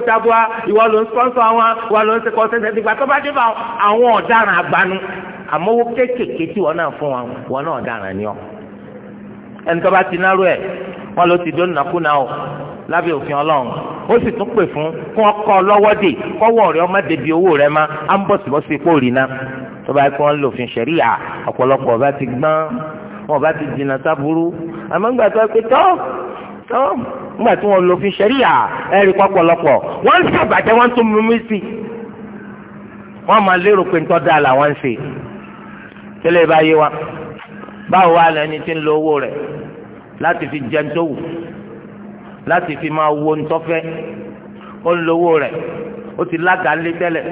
Speaker 1: ìwọ ló ń sponsor ìwọ ló ń ṣe ti bá dé bá àwọn àgbánu kéékèèké tí ẹni tó bá ti náró ẹ̀ wọ́n ló ti dóná nàkúnà o lábẹ́ òfin ọlọ́run ó sì tún pè fún kí wọ́n kọ́ lọ́wọ́ dè kọ́wọ́ rẹ ọmọ débi owó rẹ má á ń bọ̀sibọ́sí ipò rí ná tó bá yẹ kí wọ́n lò fin ṣẹ̀ríyà ọ̀pọ̀lọpọ̀ ọba ti gbọ́n wọn ọba ti jìnnà sábúrú àmọ́ ńgbà tó pé tọ́ tí wọ́n lò fin ṣẹ̀ríyà ẹ̀rí pọ̀pọ̀lọpọ̀ wọ́n ń ṣàbàjẹ́ wọ́n tún mímú sí wọ́n máa lérò pé ńtọ́ dáa làwọn ń ṣe tẹ́lẹ̀ bá yé wa báwo wá lẹni tí ń lo owó fi jẹun tó wù fi máa wo ntọ́fẹ́ ó ń lo owó ti lága ńlé tẹ́lẹ̀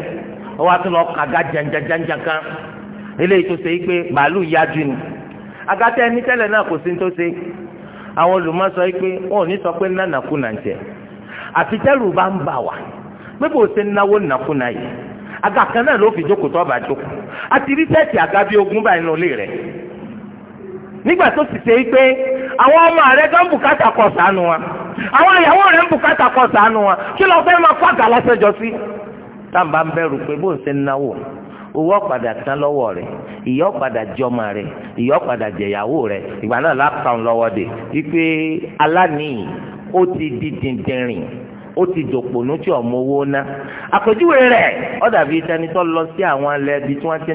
Speaker 1: ó wá tún lọ kàga jẹnjẹnjẹnjẹn kan eléyìí tó ṣe yí pé màálù yájú ni agatẹ ẹni tẹ́lẹ̀ náà kò sí tó ṣe àwọn sọ pé wọn ò ní sọ pé nánàkú nà ń jẹ àti tẹ́rù bá ń bà wá aga kan náà ló fi jókòó tó ọba jókòó àti nígbà tó sì ṣe pé àwọn ọmọ rẹ gan bùkátà kọ sànù wa àwọn ìyàwó rẹ ń bùkátà kọ sànù wa kí lọ fẹ́ máa kó àgà lásẹjọ sí. táǹbà ń bẹ̀rù pé bó ń ṣe náwó lọ́wọ́ rẹ̀ Ìyá ọ̀padà jọmọ rẹ̀ rẹ̀ ìgbà náà lọ́wọ́ dé wípé ó ti di dìndìnrìn ti tí ọmọ owó ná tí wọ́n ti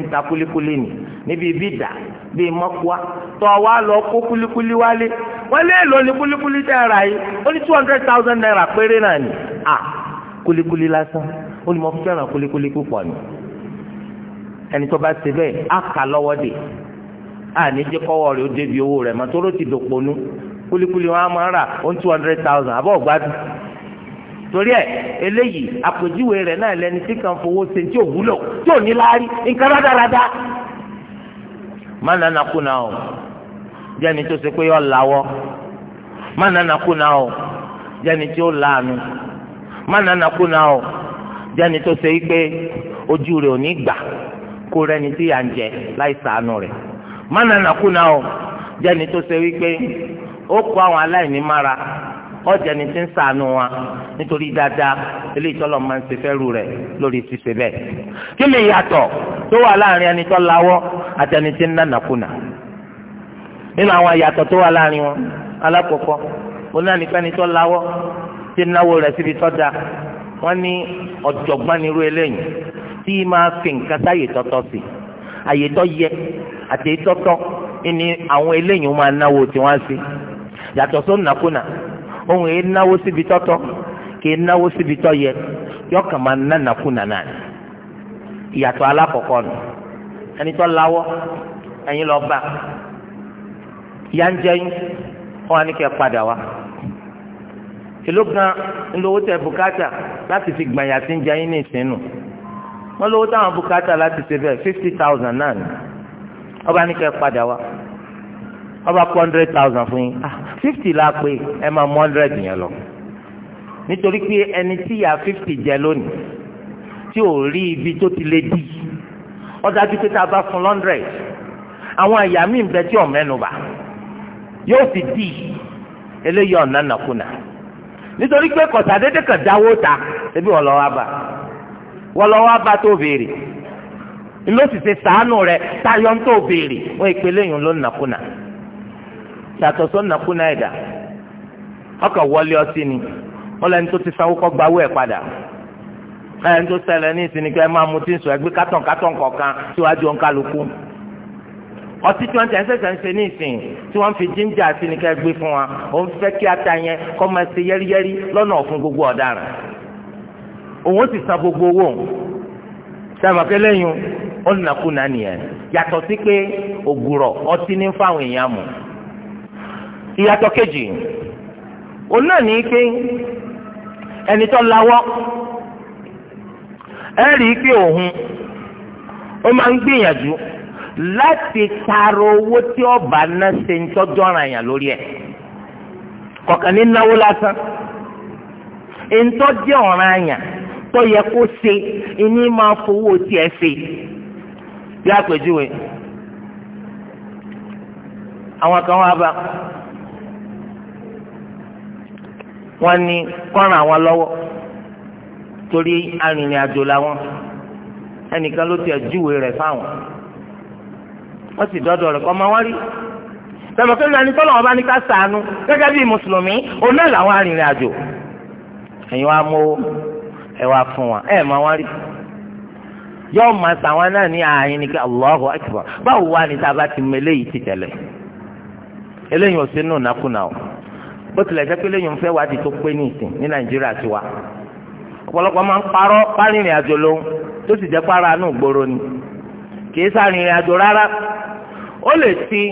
Speaker 1: níbi ibi dà bíi mọ́kúá tó a wá lọ kó kulikuli wálé wọ́n lé lọ ní kulikuli tẹ́ ra yìí ó ní two hundred thousand naira péré náà ni à kulikuli lásán ó ní mo fẹ́ràn kulikuli púpọ̀ ni ẹni tó bá ṣe bẹ́ẹ̀ á kà lọ́wọ́ dè á ní jẹ́ kọ́wọ́ rẹ̀ ó débi owó rẹ̀ mọ́ tóró ti dòponu kulikuli wọn á máa rà ó ní two hundred thousand àbọ̀ gbádùn torí ẹ eléyìí àpèjúwe rẹ̀ náà lẹni tí kan fowó ṣe tí ò wúlò tí ò ní láárí nǹkan rádaràda Mana nakuna, kùnà o jẹ́ni tó ṣe pé yọ làwọ́ má nana kùnà o jẹ́ni tí ó làánú má nana kùnà o jẹ́ni tó ṣe pé ojú rẹ̀ ò ní gbà kó rẹ́ni tí yà ń jẹ láì sàánú rẹ̀ má nana o jẹ́ni tó ṣe wípé ó kó àwọn aláìní mára. ọjà ni ti ń sànù wa nítorí dáadáa eléyìí tọ́lọ̀ máa ń ṣe rẹ̀ lórí ṣíṣe bẹ́ẹ̀. kí ni ìyàtọ̀ tó wà láàrin ẹni tó lawọ́ àti ẹni tí ń nànàkúnà nínú àwọn ìyàtọ̀ tó wà láàrin wọn alákọ̀ọ́kọ́ wọn náà nípa ẹni tó lawọ́ tí náwó rẹ̀ síbi tó da ní ọ̀jọ̀gbọ́n eléyìí fi nǹkan sáyè tọ́tọ́ sí yẹ àti àwọn eléyìí máa náwó tí wọ́n á sí yàtọ̀ ohun èé síbi tọ́tọ́ kì í síbi tọ́ yẹ yọ kàn máa nánàkú nànà ìyàtọ̀ alákọ̀ọ́kọ́ nù ẹni tó láwọ́ ẹ̀yin lọ bá ń jẹ́ yín wọ́n ní kẹ́ padà wá èló gan ńlówó tẹ bùkátà láti fi gbàyà sí ń jẹ yín ní ìsinú wọ́n táwọn láti ṣe bẹ́ẹ̀ fifty ọba kọ hundred thousand fún yín ah, fifty la pé ẹ máa mú hundred yẹn lọ nítorí pé ẹni tí ìyá fifty jẹ lónìí tí ò rí ibi tó ti lè di ọdájú pé tá a fún hundred àwọn àyà míì bẹ tí ò mẹ́nubà yóò sì di eléyìí ọ̀nà nàkúnà nítorí pé kọ̀tà dédé kan dáwó ta ebi wọ́n lọ wá bá wọ́n lọ wá bá tó béèrè ló ṣe sàánù rẹ̀ táyọ̀ ń tó béèrè wọ́n ìpele yìí ló nàkúnà. yàtọ̀ sọ́nà kúnà ẹ̀dá ọkọ̀ wọlé ọtí ni wọ́n lẹ́ni tó ti sanwó kọ́ gbawó ẹ̀ padà ẹni tó ṣẹlẹ̀ ní ìsinmi kẹ́ máa mutí sùn ẹgbẹ́ kátàn kátàn kọ̀ọ̀kan ọtí tí ẹsẹ̀ ní ìsìn tí fi jíńjà ìsinmi kẹ́ gbé fún wa òun fẹ́ kí ata yẹn kọ́ máa ṣe yẹ́rìyẹ́rì lọ́nà gbogbo ọ̀daràn òun sì san gbogbo owó ó nàkú nànìyẹn yàtọ̀ sí pé ògùrọ̀ ọtí ní fáwọn èèyàn mọ̀ ìyàtọ̀ kejì òun náà ní pé ẹni tó lawọ́ ẹ rí i pé òun ó máa ń gbìyànjú láti taaro owó tí ọba náà ṣe ń tọ́jú ọ̀ràn yàn lórí ẹ̀ kọ̀ọ̀kan ní náwó lásán ntọ́jú ọ̀ràn àyàn tó yẹ kó ṣe ìní máa fowó tiẹ̀ ṣe bí àpèjúwe àwọn kan wá bá wọ́n ní kọ́ran àwọn lọ́wọ́ torí arìnrìn àjò làwọn ẹnìkan ló tiẹ̀ júwe rẹ̀ fáwọn wọ́n sì dọ́dọ̀ rẹ̀ kọ́ ma wọ́n rí tẹ̀mọ̀kẹ́ ní ẹni tọ́lọ̀ ọba ní ká sànú gẹ́gẹ́ bí mùsùlùmí òun náà làwọn arìnrìn àjò ẹ̀yin wa mú ẹ wá fún wa ẹ̀ ma wọ́n rí yóò máa sàwọn náà ní ààyè ní kí Allahu Akbar báwo wá ní tá a bá ti mọ eléyìí ti tẹ̀lẹ̀ eléyìí ò bó tilẹ̀ jẹ́ pé lẹ́yìn fẹ́ wádìí tó pé ní ìsìn ní nàìjíríà ti wá ọ̀pọ̀lọpọ̀ máa ń parọ́ párìnrìn àjò lóhun tó sì jẹ́ para inú ìgboro ni kì í sàrìnrìn àjò rárá ó lè ti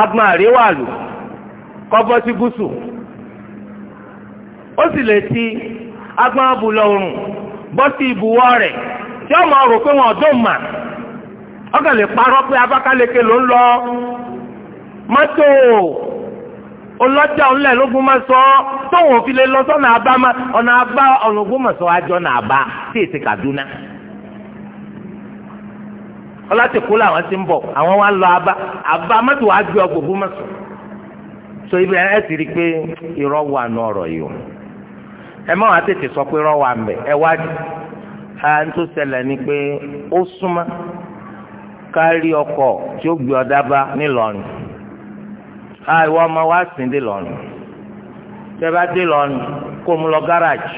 Speaker 1: agbọn àríwá lù kọ́bọ́ sí gúúsù ó sì lè ti agbọn abùlọ̀ oòrùn bọ́ sí ibùwọ̀ rẹ̀ tí ọmọ rò pé wọn ọdún mà ọkàn lè parọ́ pé Abakaliki ló ń lọ mọ́tò ọlọ́jà ńlẹ̀ lógún máa sọ ọ́ tóun òfin lè lọ sọ́nà àbá ma ọ̀nà máa sọ nà èsì Kaduna. ọlátìkú làwọn ti ń bọ̀ àwọn wa lọ àbá àbá mọ́tò gbé ọgbọ̀n so ibi ẹ ti rí i pé irọ́ wà nù ọ̀rọ̀ yìí o ẹ sọ pé irọ́ wà ẹ wá àìwọ ah, ọmọ wa sìn dé lọnù. tẹ́ bá dé lọ́nù kó mu lọ gáràjì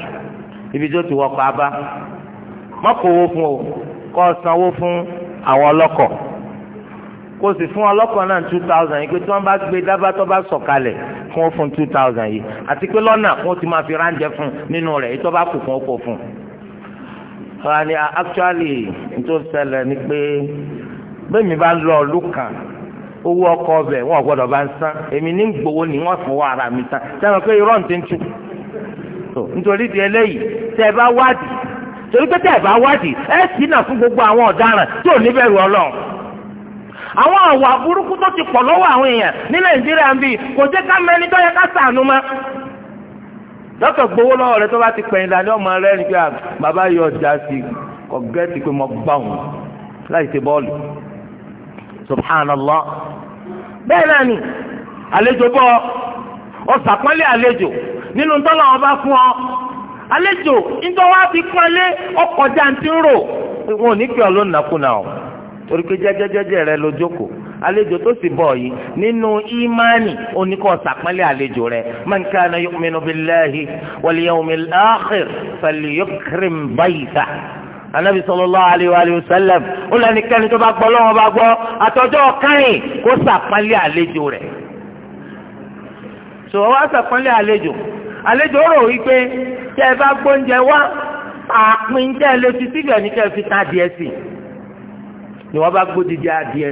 Speaker 1: ibi tó ti wọkọ̀ abá mọ́kòwó fún o kọ́ sanwó fún àwọn ọlọ́kọ̀ kó sì fún ọlọ́kọ̀ náà two thousand yìí pé tí bá gbé dábàá tó bá fún ó fún two thousand yìí àti pé lọ́nà fi ránjẹ fún nínú re èyí tó bá kù fún ó ni ah, actually n tó ṣẹlẹ̀ ni pé bẹ́ẹ̀ mi bá lọ ọlú owó ọkọ ọbẹ wọn gbọdọ bá ń san èmi ní gbowó ni wọ́n fọwọ́ ara mi san pé irọ́ ti ń tu nítorí di eléyìí tẹ́ bá wádìí torí pé gbogbo àwọn ọ̀daràn tí ò àwọn burúkú tó ti pọ̀ lọ́wọ́ àwọn èèyàn ní nàìjíríà ń bí kò jẹ́ ká mẹ́ni tó yẹ ká mọ́ gbowó lọ́wọ́ rẹ tó bá ti pẹ̀yìn dání ọmọ rẹ ní ah, bàbá yọ ọjà subhanallah bẹ́ẹ̀ náà ni àlejò bọ́ ọ sàpọ́nlé àlejò nínú tọ́lọ̀ wọn bá fún ọ àlejò nítorí wọn fi pọ́nlé ọkọ̀ jàǹtí ń rò wọn ò ní pè ọ ló nàkúnà o torí pé jẹ́jẹ́jẹ́jẹ́ rẹ ló jókòó àlejò tó sì bọ̀ yìí nínú ìmánì oníkọ́ sàpọ́nlé àlejò rẹ man kana yu'minu billahi wal yawmil akhir falyukrim baytah anabi sallallahu alayhi wa sallam ó lẹni kẹni tó bá gbọ́ lọ́wọ́ bá gbọ́ àtọjọ́ kẹrin kó sàpánlé àlejò rẹ̀ so wa sàpánlé àlejò àlejò rò wípé tẹ ẹ bá gbóúnjẹ wá àpín tẹ ẹ lè fi síbi fi ta díẹ̀ sí ni wọn bá gbódìdí adìẹ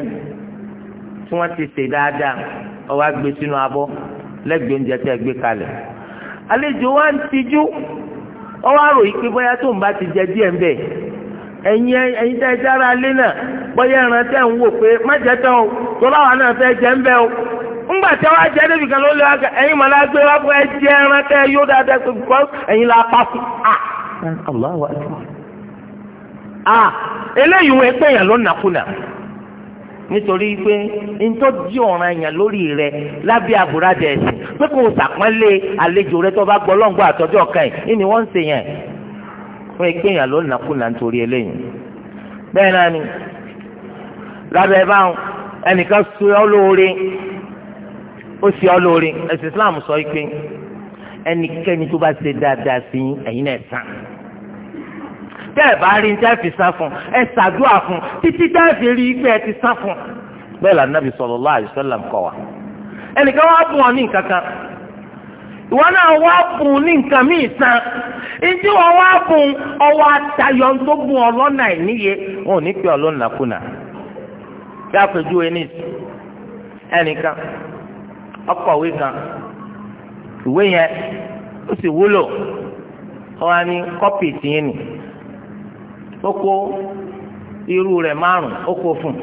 Speaker 1: tí wọn ti sè dáadáa ọwọ́ àgbè sínú abọ́ lẹ́gbẹ̀ẹ́ oúnjẹ tẹ ẹ gbé kalẹ̀ àlejò wa ń tijú ọ wá rò yìí pé bóyá tó ń bá ti jẹ díẹ̀ ń bẹ̀ ẹ̀yin ẹ̀yin tẹ́ ẹ jára lé náà bóyá ẹran tẹ́ ń wò pé má jẹ tán o tó láwa náà fẹ́ jẹ ń bẹ́ o ńgbà tí wọ́n á jẹ débi kan ló lé wa ẹ̀yin màlá gbé wa fún ẹ jẹ ẹran tẹ́ yó dáadáa pé kọ́ ẹ̀yin la pa fún a. a eléyìí wọn pè yàn ló nàkúnà nítorí pé ntọ́ ọ̀ràn yàn lórí rẹ lábẹ́ àbúradà ẹ̀sìn pé kò sàpọ́nlé àlejò rẹ tó bá gbọ́ lọ́ngbọ́ àtọ́jọ́ kan yìí ni wọ́n ń ṣe yẹn wọ́n gbé yàn ló nàkúnà nítorí eléyìí bẹ́ẹ̀ náà ni lábẹ́ báwọn ẹnìkan sọ ọ́ lóore ó sì ọ́ lóore ẹ̀sìn Islam sọ pé ẹnikẹ́ni tó bá ṣe dáadáa sí ẹ̀yin náà sàn tẹ́ẹ̀ bá rí tẹ́ẹ̀ fi sá fún ẹ ṣàdúrà fún títí tẹ́ẹ̀ fi rí pé ẹ ti sá fún bẹ́ẹ̀ l'Ànábì sallallahu alaihi wasallam kọ́ wa. ẹnìkan wá bùn ọ ní nǹkan ìwọ náà wá bùn ní nǹkan míì tán ìdí wọn wá àtayọ tó ọ lọ́nà ìníye wọn ò ní pè ọ lọ́nà kùnà bí ẹnìkan kan ìwé yẹn ó sì wúlò ni kọ́pì tìyẹn nì ó kó irú rẹ̀ márùn ó kó fún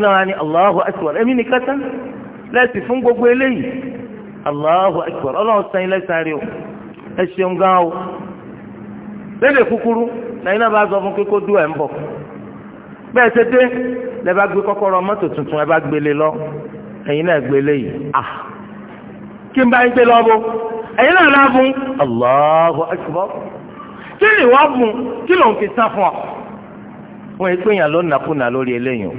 Speaker 1: náà wá ní Allahu ẹ̀mí lẹ́sìn fún gbogbo eléyìí Allahu Akbar ọlọ́run sẹ́yìn lẹ́sàárẹ̀ o ẹ ṣeun gan o lédè kúkúrú lẹ́yìn náà bá sọ fún kíkó dúró ẹ̀ ń bọ̀ bẹ́ẹ̀ ṣe dé lẹ́ bá gbé kọ́kọ́rọ́ mọ́tò tuntun ẹ bá gbélé lọ ẹ̀yin náà gbélé yìí ah kí n bá ń gbé lọ́bọ̀ ẹ̀yin náà náà fún Allahu Akbar kí ni wọ́n fún kí ló ń fi sá fún ọ. wọ́n yẹ pé èèyàn nàkúnà lórí eléyìí o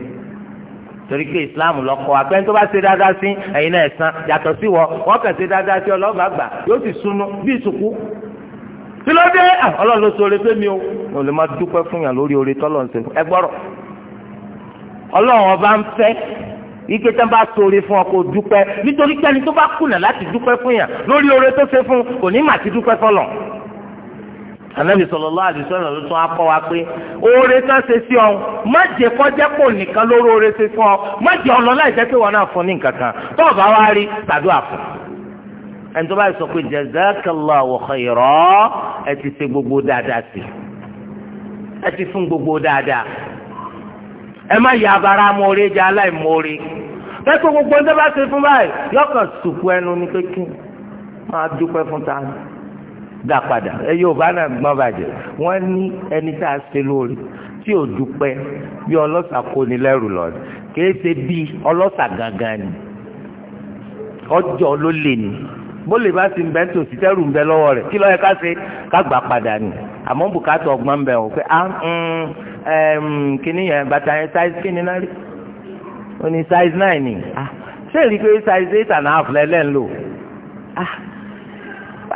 Speaker 1: torí pé islam lọkọ àpẹẹrẹ tó bá ṣe dáadáa sí ẹ̀yin náà ẹ̀san yàtọ̀ sí wọ wọn kàn ṣe dáadáa sí ọlọ́ọ̀bà gbà yóò sì sunu bí ìsùnkú tí ló dé ah, ọlọ́run ló sọ̀rọ̀ fẹ́mi o mo lè má dúpẹ́ fún yàn lórí oore tọ́lọ̀ ń ṣe fún ẹ gbọ́rọ̀ ọlọ́run ọba ń fẹ́ ike tán bá sọ̀rọ̀ fún ọ kò dúpẹ́ nítorí pé ẹni tó bá kùnà láti dúpẹ́ fún yàn lórí oore tó ṣe fún kò ní mà ti dúpẹ́ fọlọ́run anabi sallallahu alaihi wasallam ló tún á kọ́ wa pé oore tán ṣe sí ọ má jẹ kọjá pò nìkan lóró oore ṣe fún ọ má jẹ ọ lọ láì jẹ pé wọn náà fún ní nǹkan kan tó o bá wá rí tàdúrà fún ẹni tó bá sọ pé jazakallahu khayran ẹ ti ṣe gbogbo dáadáa sí ẹ ti fún gbogbo dáadáa ẹ má yà abara mọ́ọ́rẹ́ jẹ́ aláìmọ́ọ́rẹ́ kẹ́kọ̀ọ́ gbogbo ẹni tó bá ṣe fún báyìí yọkàn sùkú ẹnu ní kékeré máa dúpẹ́ fún ta dá padà ẹ yóò bá náà gbọ́n bàjẹ́ wọ́n ní ẹni tá a ṣe lórí tí ò dúpẹ́ bí ọlọ́ṣà kóni lẹ́rù lọ kìí ṣe bí ọlọ́ṣà gangan ni ọjọ́ ló lè ní bólè bá ti ń bẹ́ tòsí tẹ́rù ń bẹ lọ́wọ́ rẹ̀ kí ló yẹ ká ṣe ká gbà padà ni àmọ́ bùkátà ọgbọ́n ń bẹ ọ̀ pé ah, mm, kíní yẹn bàtà yẹn size kíní náà rí ó ní size nine ni ah ṣé èrí pé size eight and a half lẹ́lẹ́ ń lò ah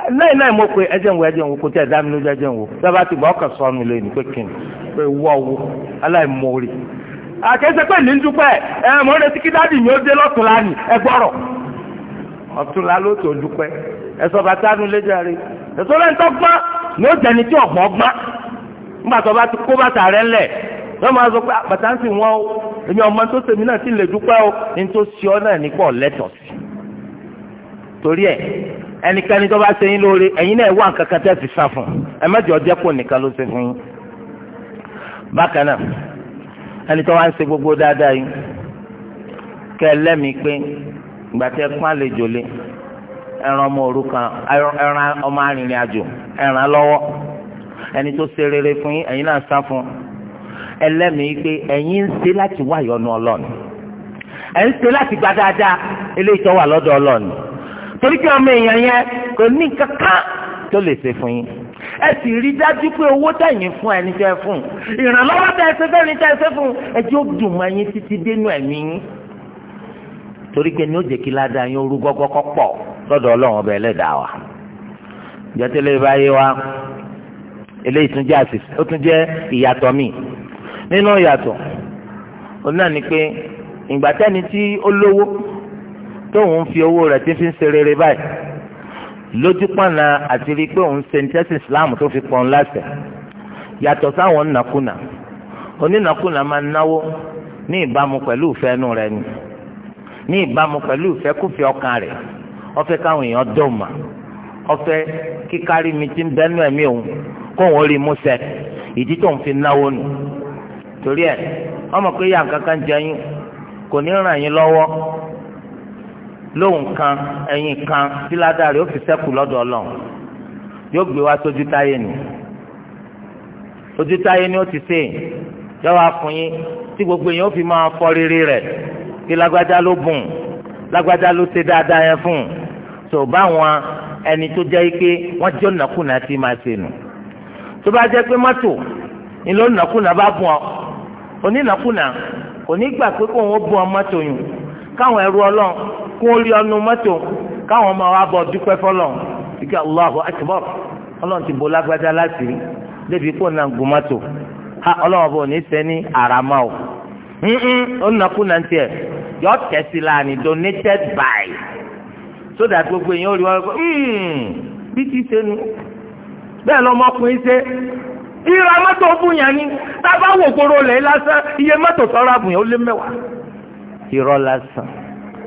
Speaker 1: lẹ́yìn náà mo pe ẹjẹ ń ẹjẹ ń kò tí ẹ dá lójú ẹjẹ ń wo sábà ti gbọ́ ọkàn sọnù lé ní pé kí pé wọ́ wo aláìmoore. àkẹ́sẹ́ pé ní dúpẹ́ ẹ mọ̀ retí kí dáàdì mi ó dé lọ́tún ẹ gbọ́rọ̀ ọ̀tún ló tó dúpẹ́ ẹ sọ bàtà rẹ ẹ sọ ó jẹni tí ọ̀gbọ́n nígbà tó bá ti kó ọ ah, náà nípò ẹnikẹ́ni tó bá ṣe yín lóore ẹ̀yin náà wà nǹkan kan tẹ́ fi sá fún ẹ mẹ́jọ jẹ́ kó nìkan ló ṣe fún yín. bákan náà ẹni tó wá ń ṣe gbogbo dáadáa yìí kẹ́ ẹ lẹ́mìí pé ìgbà tí ẹ àlejò lé ẹran ọmọ òrukàn ẹran ọmọ arìnrìn àjò ẹran lọ́wọ́ ẹni tó ṣe rere fún yín ẹ̀yin náà sá fún ẹlẹ́mìí pé ẹ̀yin ń ṣe láti wá ìyọ́nú ọlọ́run ẹ̀ ń ṣe láti gba dáadáa eléyìí tó wà lọ́dọ̀ ọlọ́run torí pé ọmọ èèyàn yẹn kò ní kankan tó lè ṣe fún yín ẹ sì rí dájú pé owó tẹ̀yìn fún ẹni tẹ́ fún ìrànlọ́wọ́ tẹ́ ẹ ṣe fẹ́ ẹni tẹ́ ẹ ṣe fún ẹ jẹ́ ó dùn mọ́ yín títí dénú ẹ̀mí yín torí pé ní ó ládàá yín orú gọ́gọ́ kọ́ pọ̀ lọ́dọ̀ ọlọ́run ọba ẹlẹ́dàá wa jẹ́tẹ́lẹ́ báyé wa eléyìí tún jẹ́ àṣìṣe ó tún jẹ́ ìyàtọ̀ mi nínú ìyàtọ̀ òun náà ni pé ìgbà tẹ́ni tí ó lówó tóun fi owó rẹ̀ tí fi ń ṣe rere báyìí lójú pọ̀nà àti pé òun ṣe ní tẹ́sí islam tó fi pọ̀n lásẹ̀ yàtọ̀ sáwọn nàkúnà onínàkúnà máa ń náwó ní ìbámu pẹ̀lú ìfẹ́nu rẹ̀ ni ní ìbámu pẹ̀lú ìfẹ́kùfẹ́ ọkàn káwọn èèyàn dọ̀ kíkárí ti ń bẹ́nu ẹ̀mí òun kóun ó rí mú ìdí fi lóhùn kan ẹ̀yìn kan tí ládàrí ó fi sẹ́kù lọ́dọ̀ ọlọ́run yóò gbé wá sójú táyé ni ojú táyé ni ó ti sè yóò wá fún yín tí gbogbo èèyàn ó fi máa fọ rere rẹ̀ kí lágbájá ló bùn lágbájá ló ṣe dáadáa yẹn fún un tó báwọn ẹni tó jẹ́ pé wọ́n jọ nàkúnà tí máa ṣe nù tó bá jẹ́ pé mọ́tò ni ló bá bùn ọ onínàkúnà kò ní gbà pé kóun ó bùn ọ mọ́tò yìí káwọn ẹrú ọlọ́run kún rí ọnu mọ́tò káwọn ọmọ wa bọ̀ dúpẹ́ ike Allahu ti bo lágbájá láti rí débi kó na gun mọ́tò ha ọlọ́run bò ní sẹ́ni àràmà o ó nàkú náà yọ tẹ̀sí lánìí donated by sódà gbogbo èèyàn ó rí bí ti ṣe nu ṣe fún yẹn ni wò kóró lásán irọ́ lásán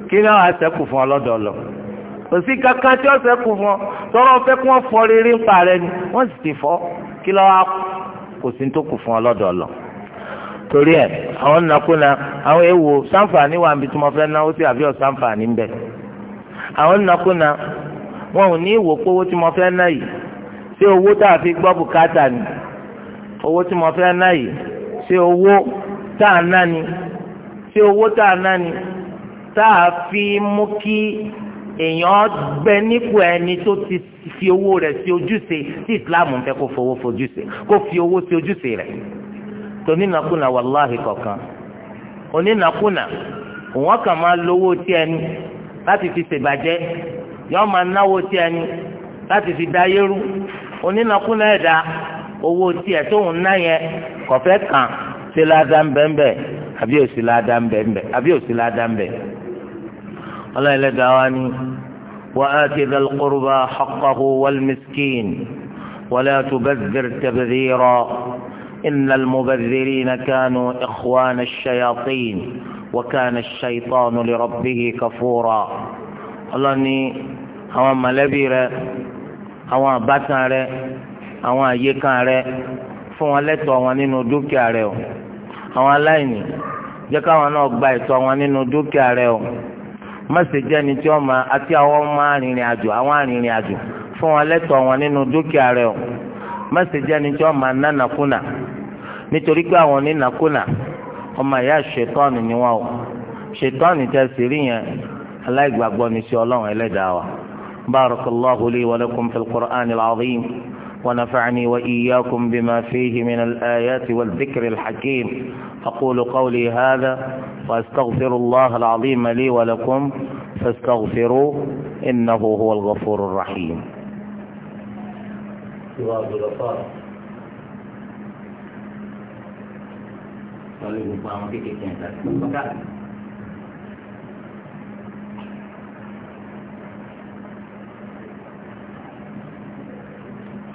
Speaker 1: kí ni àwọn àṣẹkù fún ọlọ́dọ̀ lọ kò sí kankan tí ọ̀sẹ̀ kù fún ọ tọrọ fẹ́ kí wọ́n fọ rere ń pa rẹ ni wọ́n sì ti fọ́ kí lọ́wọ́ kò sí tó kù fún ọlọ́dọ̀ lọ torí ẹ àwọn nàkúnà àwọn èèwò sáǹfààní wà níbi tí mo fẹ́ náwó sí àbí ọ̀sáǹfààní ń bẹ àwọn nàkúnà wọn ò ní ìwò pé owó tí mo fẹ́ ná yìí ṣé owó tá a fi gbọ́ bùkátà ni owó tí mo fẹ́ ná yìí ṣé owó tá a ná ni ṣé owó tá a ná ni tá a fi mú kí èèyàn gbẹ nípò ẹni tó ti fi owó rẹ̀ sí ojúṣe tí islam ń fẹ́ kó fowó fojúṣe kó fi owó sí ojúṣe rẹ̀ tonínàkúnà wàláhì kọ̀ọ̀kan onínàkúnà òun kàn máa lówó tí ẹni láti fi ṣèbàjẹ́ yọ́n máa náwó tí ẹni láti fi dáyé rú onínàkúnà ẹ̀dá owó tí ẹ̀ tóun ná yẹn kọ̀fẹ́ kàn ṣe ládàá bẹ́ẹ̀ bẹ́ẹ̀ àbí òsì ládà ń bẹ̀ ń bẹ̀ àbí òsì ládà ń bẹ̀. ọlọ́run ẹlẹ́dàá wa ni wa ati dhal qurba haqqahu wal miskin wala tubazzir tabdhira innal mubadhirina kanu ikhwana ash-shayatin wa kana ash-shaytanu li rabbihi kafura. ọlọ́run ni àwọn mọ̀lẹ́bí rẹ àwọn àbátan rẹ àwọn àyíká rẹ fún wọn lẹ́tọ̀ọ́ wọn nínú dúkìá rẹ o. àwọn aláìní jẹ́ káwọn náà gba ẹ̀tọ́ wọn nínú dúkìá rẹ o má jẹ́ ni tí wọ́n máa àti àwọn ọmọ arìnrìn àjò àwọn arìnrìn àjò fún wọn lẹ́tọ̀ọ́ wọn nínú dúkìá rẹ o má jẹ́ ni tí wọ́n máa ná nàkúnà nítorí pé àwọn onínàkúnà ọmọ ìyá ṣètọ́ọ̀nù ni o ṣètọ́ọ̀nù rí yẹn aláìgbàgbọ́ ni sí ọlọ́run ẹlẹ́dàá ونفعني وإياكم بما فيه من الآيات والذكر الحكيم أقول قولي هذا وأستغفر الله العظيم لي ولكم فاستغفروه إنه هو الغفور الرحيم Kalau ibu kita kekeknya tak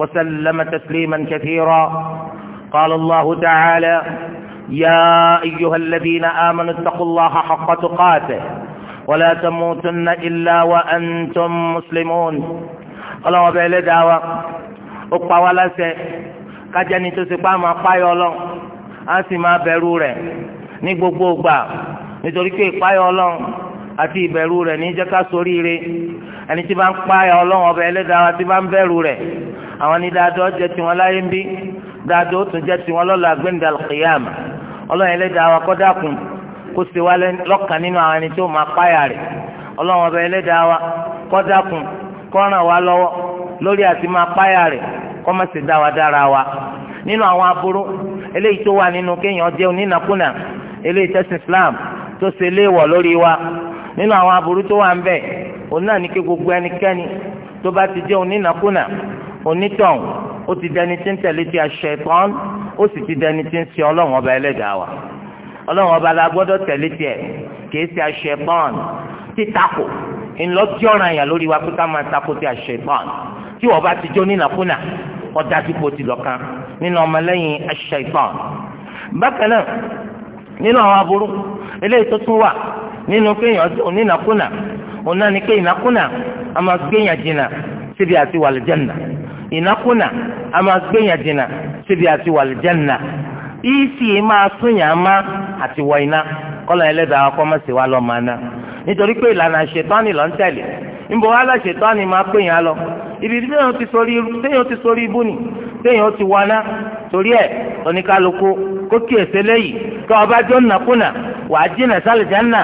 Speaker 1: وسلم تسليما كثيرا قال الله تعالى يا أيها الذين آمنوا اتقوا الله حق تقاته ولا تموتن إلا وأنتم مسلمون الله وبعلى دعوة أقوى ولا سي kájẹni tó ti pa máa páyọ Ọlọ́run á sì máa bẹ̀rù rẹ̀ ní gbogbo ìgbà nítorí pé ìpáyọ Ọlọ́run àti ìbẹ̀rù rẹ̀ ní jẹ́ ká ṣoríire ẹni tí bá ń páyọ Ọlọ́run ọba Ẹlẹ́dàá wa tí bá ń bẹ̀rù rẹ̀ àwọn ní dáadọ́ jẹ́ tiwọn láyé ń bí dáadọ́ ó tún jẹ́ tiwọn lọ́la gbẹ̀ndà kìyàmà ọlọ́run ẹlẹ́dàá wa kọ́ dákun kó ṣe wá lọ́kàn nínú àwọn ẹni tó máa páyà rẹ̀ ọlọ́run ọba ẹlẹ́dàá wa kọ́ dákun kọ́ ràn wá lọ́wọ́ lórí àti máa páyà rẹ̀ kọ́ má ṣe dá wa dára wa nínú àwọn aburú eléyìí tó wà nínú kéèyàn jẹ́ onínàkúnà eléyìí tẹ́sí Islam tó ṣe léèwọ̀ lórí wa nínú àwọn aburú tó wà ń bẹ òun náà ní kí gbogbo ẹnikẹ́ni tó bá ti jẹ́ onínàkúnà onítàn ó ti dẹni tí ń tẹ̀lé ti aṣẹ́tán ó sì ti dẹni tí ń ṣe ọlọ́run ọba ẹlẹ́dàá wa ọlọ́run ọba la gbọ́dọ̀ tẹ̀lé tiẹ̀ kìí ṣe aṣẹ́tán títakò ńlọ́tí ọ̀ràn yà lórí wa pé ká máa takò ti aṣẹ́tán tí wọ́n bá ti jó nínàkúnà ọ̀dà àdúgbò ti lọ́kàn nínú ọmọlẹ́yìn aṣẹ́tán bákan náà nínú àwọn aburú eléyìí tó tún wà nínú kéèyàn onínàkúnà ìnákúnà a máa gbéyàn jìnnà síbi àti wàlìjẹ́nà ìsì máa súnyàn má àti wọ iná kọ́lọ̀ ẹlẹ́dàá kọ́ mọ̀ sí wa lọ́ máa ná nítorí pé ìlànà ṣètọ́ni lọ́n tẹ̀lé ńbọ̀ wá lọ́ ṣètọ́ni máa pè yàn ibi tí ti ibú ni téèyàn ó ti wọná torí ẹ̀ oníkálukú kó kíyèsí léyìí tó ọba jọ nàkúnà wàá jìnà sálìjánà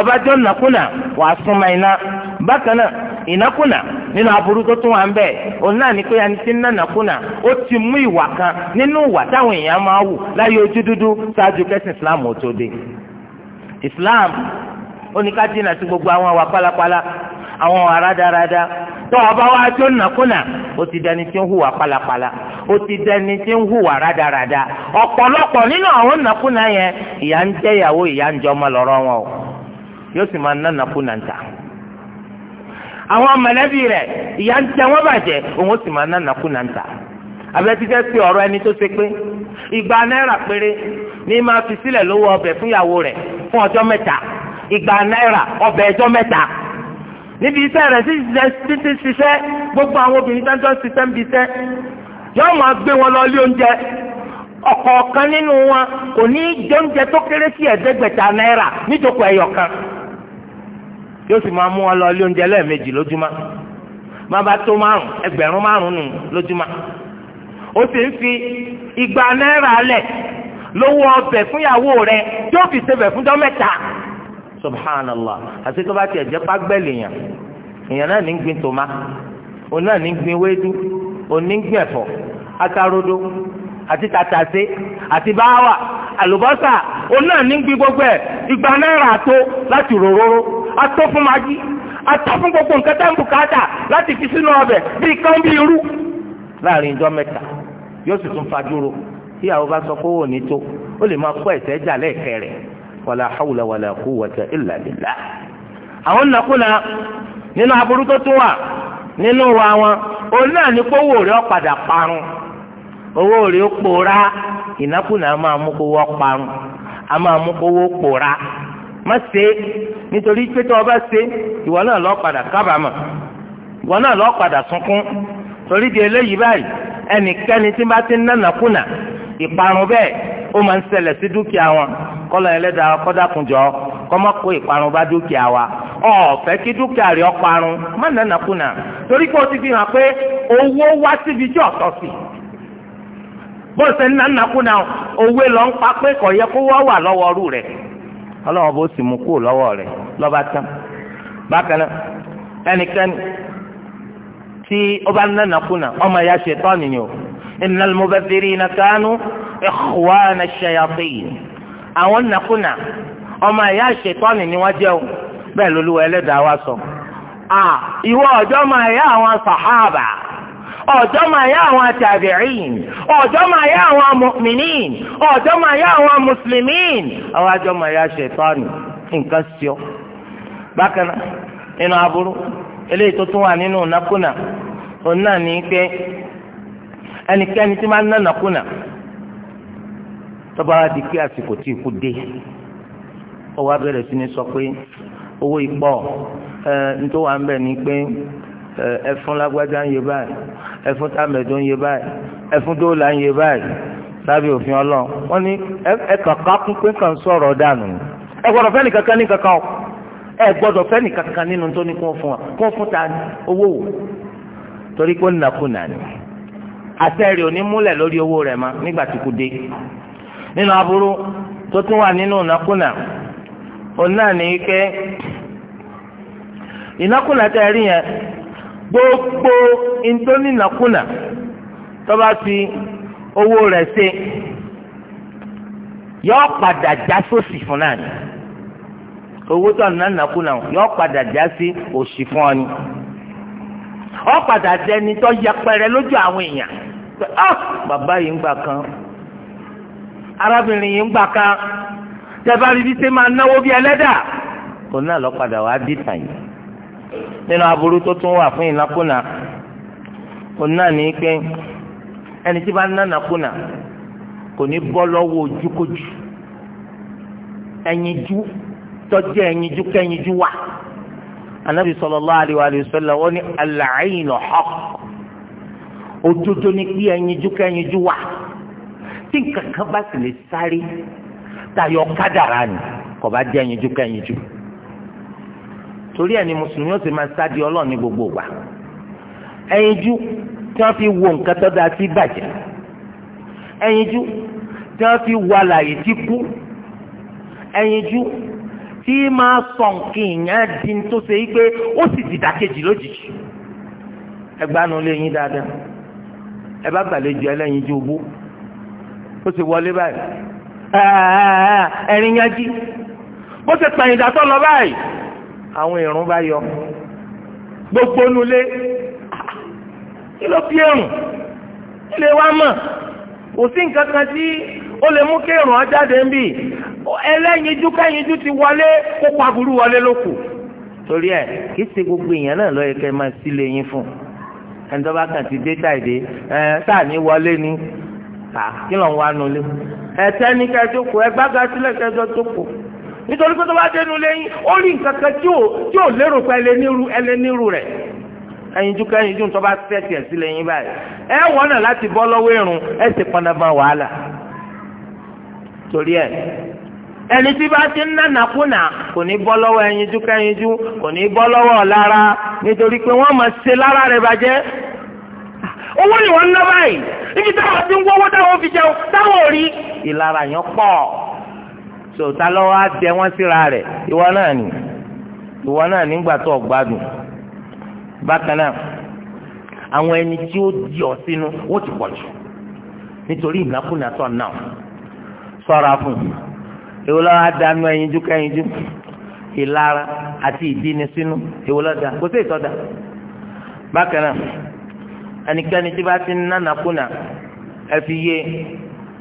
Speaker 1: ọba jọ nàkúnà wàá súnmọ́ iná bákan náà ìnákúnà nínú aburú tó tún wà ń bẹ òun náà ní pé ẹni tí ń ó ti mú ìwà kan nínú ìwà táwọn èèyàn máa wù Islam ò tó Islam oníkájínà sí gbogbo àwọn àwà pálapàla àwọn tó o bá wá nàkúnà o ti dẹni tí ń hùwà o ti dẹni tí ń hùwà rádaràda ọ̀pọ̀lọpọ̀ nínú àwọn nàkúnà yẹn ìyá ń o yóò sì máa ná nàkúnà ń ta àwọn mọ̀lẹ́bí rẹ̀ ìyá ń jẹ wọ́n bàjẹ́ òun ó sì máa ná nàkúnà ń ta abẹ́tí sí ọ̀rọ̀ ẹni tó ṣe pé igba náírà péré ní máa fi sílẹ̀ lówó ọbẹ̀ fúnyàwó rẹ̀ fún ọjọ́ níbi iṣẹ́ rẹ̀ ti gbogbo àwọn obìnrin tó ń ṣiṣẹ́ ń bi iṣẹ́ kò ní í jẹ oúnjẹ tó kéré sí ẹ̀ẹ́dẹ́gbẹ̀ta náírà níjókòó kan yóò sì máa mú wọn lọ tó márùn ẹgbẹ̀rún márùn nù lójúmọ́ ó sì igba náírà lẹ̀ lówó ọbẹ̀ fúnyàwó rẹ̀ yóò fi ṣe bẹ̀ fúnjọ́ mẹ́ta subhanallah àti tó bá tiẹ̀ jẹ́ pàgbẹ́lì yàn èèyàn náà ní gbin tòmá òun náà ní gbin wéédú òun ní gbin ẹ̀fọ́ atarodo àti tàtàsé àti báwà àlùbọ́sà òun náà ní gbin gbogbo ẹ̀ igba náírà àtó láti ròróró àtó fún magi àtó fún gbogbo nǹkan tá ń bùkátà láti fi sínú ọbẹ̀ bíi kán bíi irú láàrin ìjọ mẹ́ta yóò sì tún fajúro tíyàwó bá sọ pé òun ní tó ó lè máa kó ẹ̀sẹ̀ jà lẹ́ẹ̀kẹ́ rẹ̀ wàlà hawla wàlà quwwata illa billah. àwọn nàkúnà nínú aburú tó nínú wa wọn òun náà ní kówó parun owó rẹ̀ ó pòórá ìnákúnà a máa mú kówó parun á máa mú kówó pòórá má ṣe nítorí pé bá se, ìwọ náà lọ padà ìwọ náà sunkún torí di eléyìí báyìí ẹnikẹ́ni tí bá ti ń ìparun bẹ́ẹ̀ ó máa ń ṣẹlẹ̀ sí dúkìá wọn kọ́lọ̀ ẹlẹ́dàá kọ́dàkùnjọ́ kọ́mọ́ ìparun bá dúkìá wa ọ̀fẹ́ kí dúkìá rẹ̀ ọparun má nànà kùnà torí pé o ti fi hàn pé owó wá síbi jẹ́ ọ̀tọ̀ sí bó ṣe ń nànà kùnà òwe lọ ń pa pé kò yẹ kó wọ́n wà lọ́wọ́ ọrú rẹ̀ ọlọ́wọ́ bó sì mú kúrò lọ́wọ́ rẹ̀ lọ́ba tán bákan ya o. إن المبذرين كانوا إخوان الشياطين àwọn nàkúnà ọmọ ẹ̀yà ṣètọ́nì ni wọ́n jẹ́ o bẹ́ẹ̀ lolúwa ẹlẹ́dàá wa sọ. ìwọ ọjọ́ máa yá àwọn sàhábà ọjọ́ máa yá àwọn tàbíìn ọjọ́ máa yá àwọn mùmìnín ọjọ́ máa yá àwọn mùsùlùmíìn àwọn ọjọ́ máa yá ṣètọ́nì nǹkan sí ọ. bákan náà nínú aburú eléyìí tó tún wà nínú nàkúnà òun náà ní pé ẹnikẹ́ni tí máa ń nánà kùnà tọ́ba di kí àsìkò tí ikú dé ọwọ́ abẹ́rẹ́ sí ni sọ pé owó ìpọ̀ ẹ nítorí wà ń bẹ̀ ni pé ẹ lágbájá ń yẹ báyìí ẹ fún ń yẹ báyìí ẹ ń báyìí lábẹ́ òfin ẹ kàkà kún ẹ gbọ́dọ̀ fẹ́ nìkankan àtẹ́rì òní múlẹ̀ lórí owó rẹ̀ ma nígbà tí kú dé nínú aburú tó tún wà nínú ìnákúnà òun náà ní pé ìnákúnà tẹ́ rí yẹn gbogbo ìntónínàkúnà tó bá fi owó rẹ̀ ṣe yọ padà já sósì fún náà ni owó tó nànàkúnà yọ padà já sí òsì fún ọ ni ọ padà jẹni tó yẹpẹrẹ lójú àwọn èèyàn pé ah bàbá yìí ń gbà kan arábìnrin yìí ń gbà kan tẹ́fà bíbí ṣe máa náwó bí ẹlẹ́dà òun náà lọ́padà wá dì tàn yìí nínú aburú tó tún wà fún ìnákúnà òun náà ní pé ẹni tí bá ń nánàkúnà kò ní bọ́ lọ́wọ́ ojúkójú ẹyinjú tọ́jú ẹyinjú kẹyinjú wà anabi sallallahu alaihi wa sallam ó ní al-aynu òdodo ni pé ẹyinjú kẹyinjú wà tí nǹkan bá sì lè sáré tayọ kádàrá ni kò bá jẹ́ ẹyinjú kẹyinjú torí ẹni mùsùlùmí ó sì máa sá di ọlọ́ọ̀ni gbogbo gbà ẹyinjú tí wọ́n fi wo nǹkan tó dáa sí bàjẹ́ ẹyinjú tí wọ́n fi wo àlàyé tí kú ẹyinjú tí máa sọ nǹkan ìyẹn di tó ṣe é pé ó sì dìdàkejì lójijì ẹgbàánu lé yín dáadáa ẹ bá gbàlejò ẹlẹ́yin ju ogbó ó sì wọlé báyìí ẹ̀rín yájí bó ṣe pẹ̀yìn dàtọ́ lọ báyìí àwọn ìrún bá yọ gbogbo nulẹ̀ kí ló fi ẹ̀rùn ilé wa mọ̀ kò sí nǹkan kan tí ó lè mú kí ìrùn ọjáde ń bì ẹlẹ́yinjú kẹ́yinjú ti wọlé kó pagurú wọlé lóko torí ẹ̀ kí ṣe gbogbo èèyàn náà lọ́ọ́ máa sílé yín fún un ẹni tó bá kàn ti dé tàìdé ẹ sáà wọlé ni à kí ló ń wá nulẹ̀ ẹ̀tẹ́ ní kẹjọ kù ẹgbẹ́ ga sílẹ̀ kẹjọ tó kù nítorí pé tó bá dénú lẹ́yìn ó rí nǹkan kan tí ò tí ò lérò pé ẹlẹ́nirú ẹlẹ́nirú rẹ̀ ẹyin ju kẹyin ju tó bá sẹ́ẹ̀tì ẹ̀ sílẹ̀ yín báyìí ẹ wọ́nà láti bọ́ lọ́wọ́ irun ẹ sì pọndanba wàhálà torí ẹ̀ ẹni tí bá ti ń nànàkúnà kò ní bọ́ lọ́wọ́ ẹyinjú kẹyinjú kò ní bọ́ lọ́wọ́ ọ̀lára nítorí pé wọ́n máa ṣe lára rẹ̀ bàjẹ́ owó ni wọ́n ń ná báyìí ibi táwọn ti ń wọ́wọ́ táwọn fi jẹun táwọn ò rí ìlara yẹn pọ̀ sòtá lọ́wọ́ á bẹ wọ́n síra rẹ̀ ìwọ náà ni ìwọ náà nígbà tó gbádùn bákan náà àwọn ẹni tí ó di ọ sínú ó ti pọ̀ jù nítorí ìnákúnà tó náà sọ́ra fún un èwo lọ́wọ́ adanu ẹyinjú kẹyinjú ìlara àti ìdíni sínú èwo kò sí ìtọ́dà bákan náà ẹnikẹ́ni tí bá ti ń nánàkúnà ẹ fi yé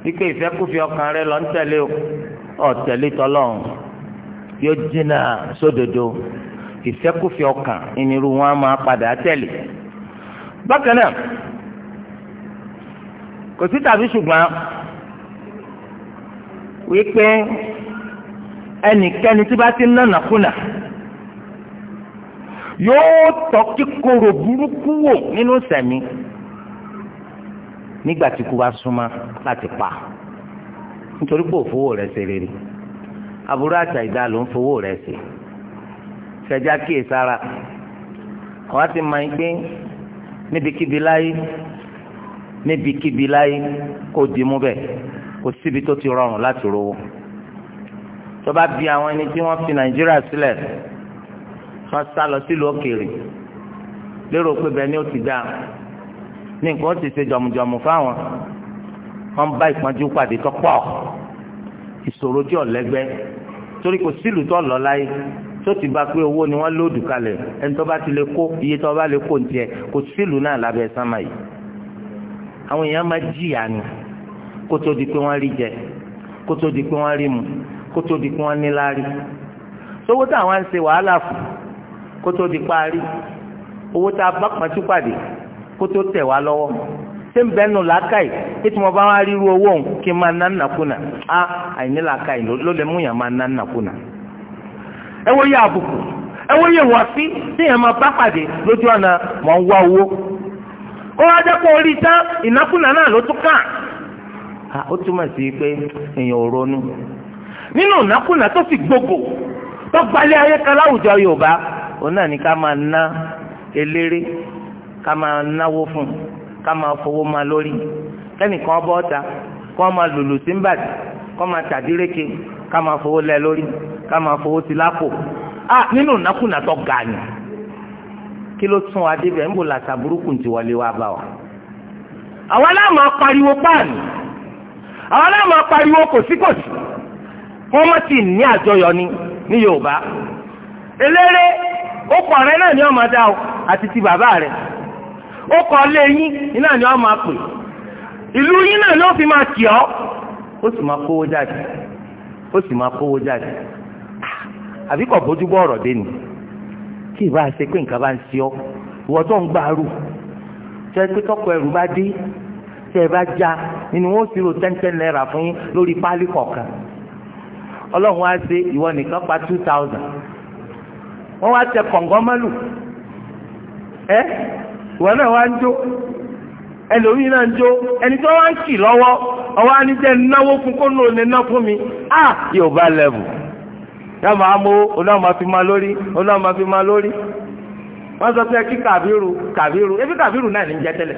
Speaker 1: wípé ìfẹ́kùfẹ́ ọkàn rẹ lọ ń tẹ̀lé o tọ́lọ́run yóò jìnnà sódodo ìfẹ́kùfẹ́ ọkàn ìnirú wọn máa padà tẹ̀lé bákan náà wípé ẹnikẹ́ni tí bá ti ń nànà kùnà yóò tọ́ kíkorò burúkú wò nínú sẹ̀mí nígbà tí kú bá súnmọ́ láti pa nítorí pé òfowó rẹ̀ ṣe rere aburú àtà ìdá ló ń fowó rẹ̀ ṣe ṣẹjá kíyè sára ti máa ń gbé níbikíbi láyé níbikíbi láyé kó dimú bẹ́ẹ̀. kò síbi tó ti rọrùn láti rówó tó bá bí àwọn ẹni tí wọ́n fi nàìjíríà sílẹ̀ wọ́n sá lọ sílùú òkèèrè lérò pé bẹ́ẹ̀ ni ó ti dá ní nǹkan ó ti ṣe jọmùjọmù fáwọn wọ́n ń bá ìpọ́njú pàdé tó pọ̀ ìṣòro tí ọ̀lẹ́gbẹ́ torí kò sílùú tó lọ láyé tó ti bá pé owó ni wọ́n lòdù kalẹ̀ ẹni tó bá ti lè kó iye tó bá lè kó ní tiẹ̀ kò sílùú náà lábẹ́ sánmà yìí àwọn èèyàn máa jìyà ni. kótó di pé wọn rí jẹ kótó di pé wọn rí mu kótó di pé wọn ní láárí sówó tá àwọn ń ṣe wàhálà fún kótó di parí owó tá a bá pàtó pàdé kótó wá lọ́wọ́ ṣé ń nù làákàyè tí mo bá wá ríru owó òun kí n máa ná nàkúnà á àìní làákàyè ló lè máa ná nàkúnà ẹ wọ́n yẹ àbùkù ẹ wọ́n yẹ tí máa ó túmọ̀ sí pé èèyàn ò ronú nínú na tó sì gbogbo tó gbalẹ̀ ayé kan láwùjọ Yorùbá òun náà ni ká máa ná eléré ká máa náwó fún ká máa fowó máa lórí kẹ́nìkan bọ́ ọ̀ta kọ́ máa lòlò sí kọ́ máa tàdíréke ká máa fowó lẹ lórí ká máa fowó ti lápò nínú ìnákúnà tó ga ni kí ló tún wa débẹ̀ ń bò làtà burúkú ti wọlé wa bá wa àwọn pariwo páàni. àwọn aláàmọ̀ pariwo kò sí kò sí ni ní Yorùbá eléré ó rẹ náà ni ọmọ dá o àti ti bàbá rẹ ó lé yín ni ọmọ pè ìlú yín náà ni fi máa kì ọ́ ó sì máa kówó jáde ó sì máa kówó jáde àbí kò bójú bọ́ ọ̀rọ̀ dé ni tí ìbá ṣe pé nǹkan bá ń ṣe ọ́ ìwọ tẹ́ ẹ bá já nínú wọn ó sì rò tẹ́ńtẹ́ náírà fún yín lórí páálí kọ̀ọ̀kan ọlọ́run wá ṣe ìwọ nìkan pa two thousand wọ́n wá tẹ kọ̀ǹgọ́ mọ́lù ẹ́ ìwọ náà wá ń jó ẹlòmí náà ń jó ẹni tó wá ń kì lọ́wọ́ ọwọ́ á ní jẹ́ náwó fún kó lò ní ná fún mi á yóò bá lẹ́bù yá máa mú onáwó fi máa lórí onáwó fi máa lórí wọ́n sọ pé kí kàbírù kàbírù ebi kàbírù náà ní jẹ́ tẹ́lẹ̀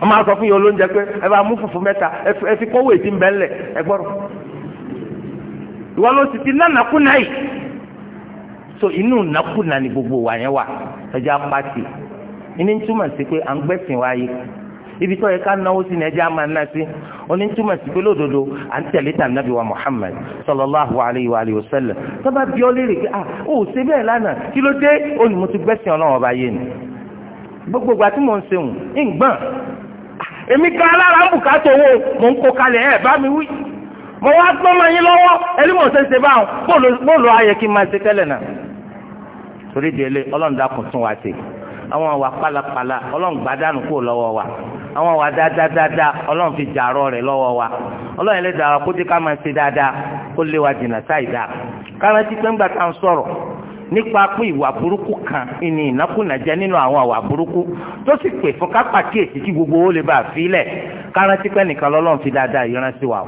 Speaker 1: wọ́n máa sọ fún yín olóúnjẹ pé ẹ bá mú fùfú mẹ́ta ẹ fi kọ́wé tí ń bẹ́ ńlẹ̀ ẹ gbọ́rọ̀ ìwọ ló sì ti nánàkúnà yìí so inú nàkúnà ni gbogbo wa yẹn wà ẹjẹ apáti ìní túmọ̀ sí pé à ń gbẹ̀sìn wáyé ibi tó yẹ ká náwó sí ni ẹjẹ á máa ná sí oní túmọ̀ sí pé lódodo à ń tẹ̀lé tà nàbí wa Muhammad sallallahu alayhi wa alihi wa sallam tó bá bí ọ léèrè pé ah ó ṣe bẹ́ẹ̀ lánàá kí ló dé ó ní mo ti gbẹ̀sìn ọlọ́wọ́ bá yé ni gbogbo àti mò ń ṣe ń gbọ́n èmi gan alára ń bùkátà owó mò ń kó kalẹ̀ ẹ̀ bá mi wí mo wá gbọ́n mọ́ yín lọ́wọ́ ẹni mò ń ṣe ṣe báwọn bóòlù ayẹ kí n máa ṣe tẹ́lẹ̀ náà torí di ọlọ́run dákun tún wá sí àwọn àwa pálapàla ọlọ́run gbádànù kúrò lọ́wọ́ wa àwọn àwa dáadáa ọlọ́run fi jàrọ́ rẹ̀ lọ́wọ́ wa ọlọ́run ẹlẹ́dàá kó dé ká máa ṣe dáadáa kó lé wa jìnnà sáì dáa kárántí pé ńgbà tá à ń sọ̀rọ̀ nípa pé ìwà burúkú kan ìní ìnákùnà nínú àwọn àwà burúkú tó sì pè fún kápá kíyèsí kí gbogbo ó lè bá a filẹ̀ kárántí pẹ́ nìkan lọ́lọ́run fi dáadáa wa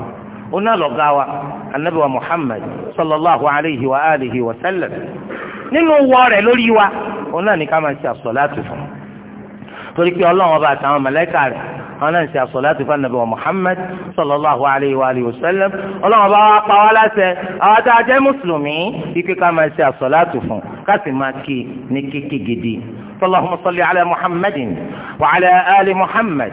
Speaker 1: ó náà wa anabi sallallahu alayhi wa alihi wa sallam nínú wọ rẹ̀ lórí wa ó náà ní ká máa ṣe fún torí pé ọba àtàwọn àwọn náà ń ṣe àsọ̀láàtì fún anabi wa muhammed sallallahu alayhi wa alihi wa sallam ọlọ́run bá wa pa wá láṣẹ àwọn tá a jẹ́ mùsùlùmí ike ká máa ṣe àsọ̀láàtì fún ká máa kí ní kíkí gidi. اللهم صل على محمد وعلى آل محمد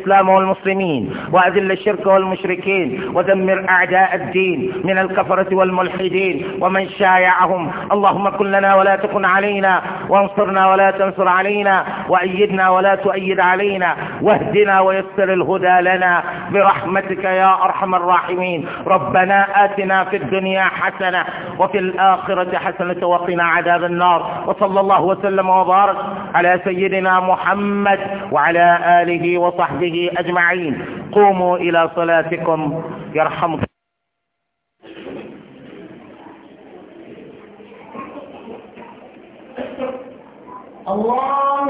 Speaker 1: الإسلام والمسلمين وأذل الشرك والمشركين ودمر أعداء الدين من الكفرة والملحدين ومن شايعهم اللهم كن لنا ولا تكن علينا وانصرنا ولا تنصر علينا وأيدنا ولا تؤيد علينا واهدنا ويسر الهدى لنا برحمتك يا أرحم الراحمين ربنا آتنا في الدنيا حسنة وفي الآخرة حسنة وقنا عذاب النار وصلى الله وسلم وبارك على سيدنا محمد وعلى آله وصحبه وصحبه أجمعين قوموا إلى صلاتكم يرحمكم
Speaker 2: الله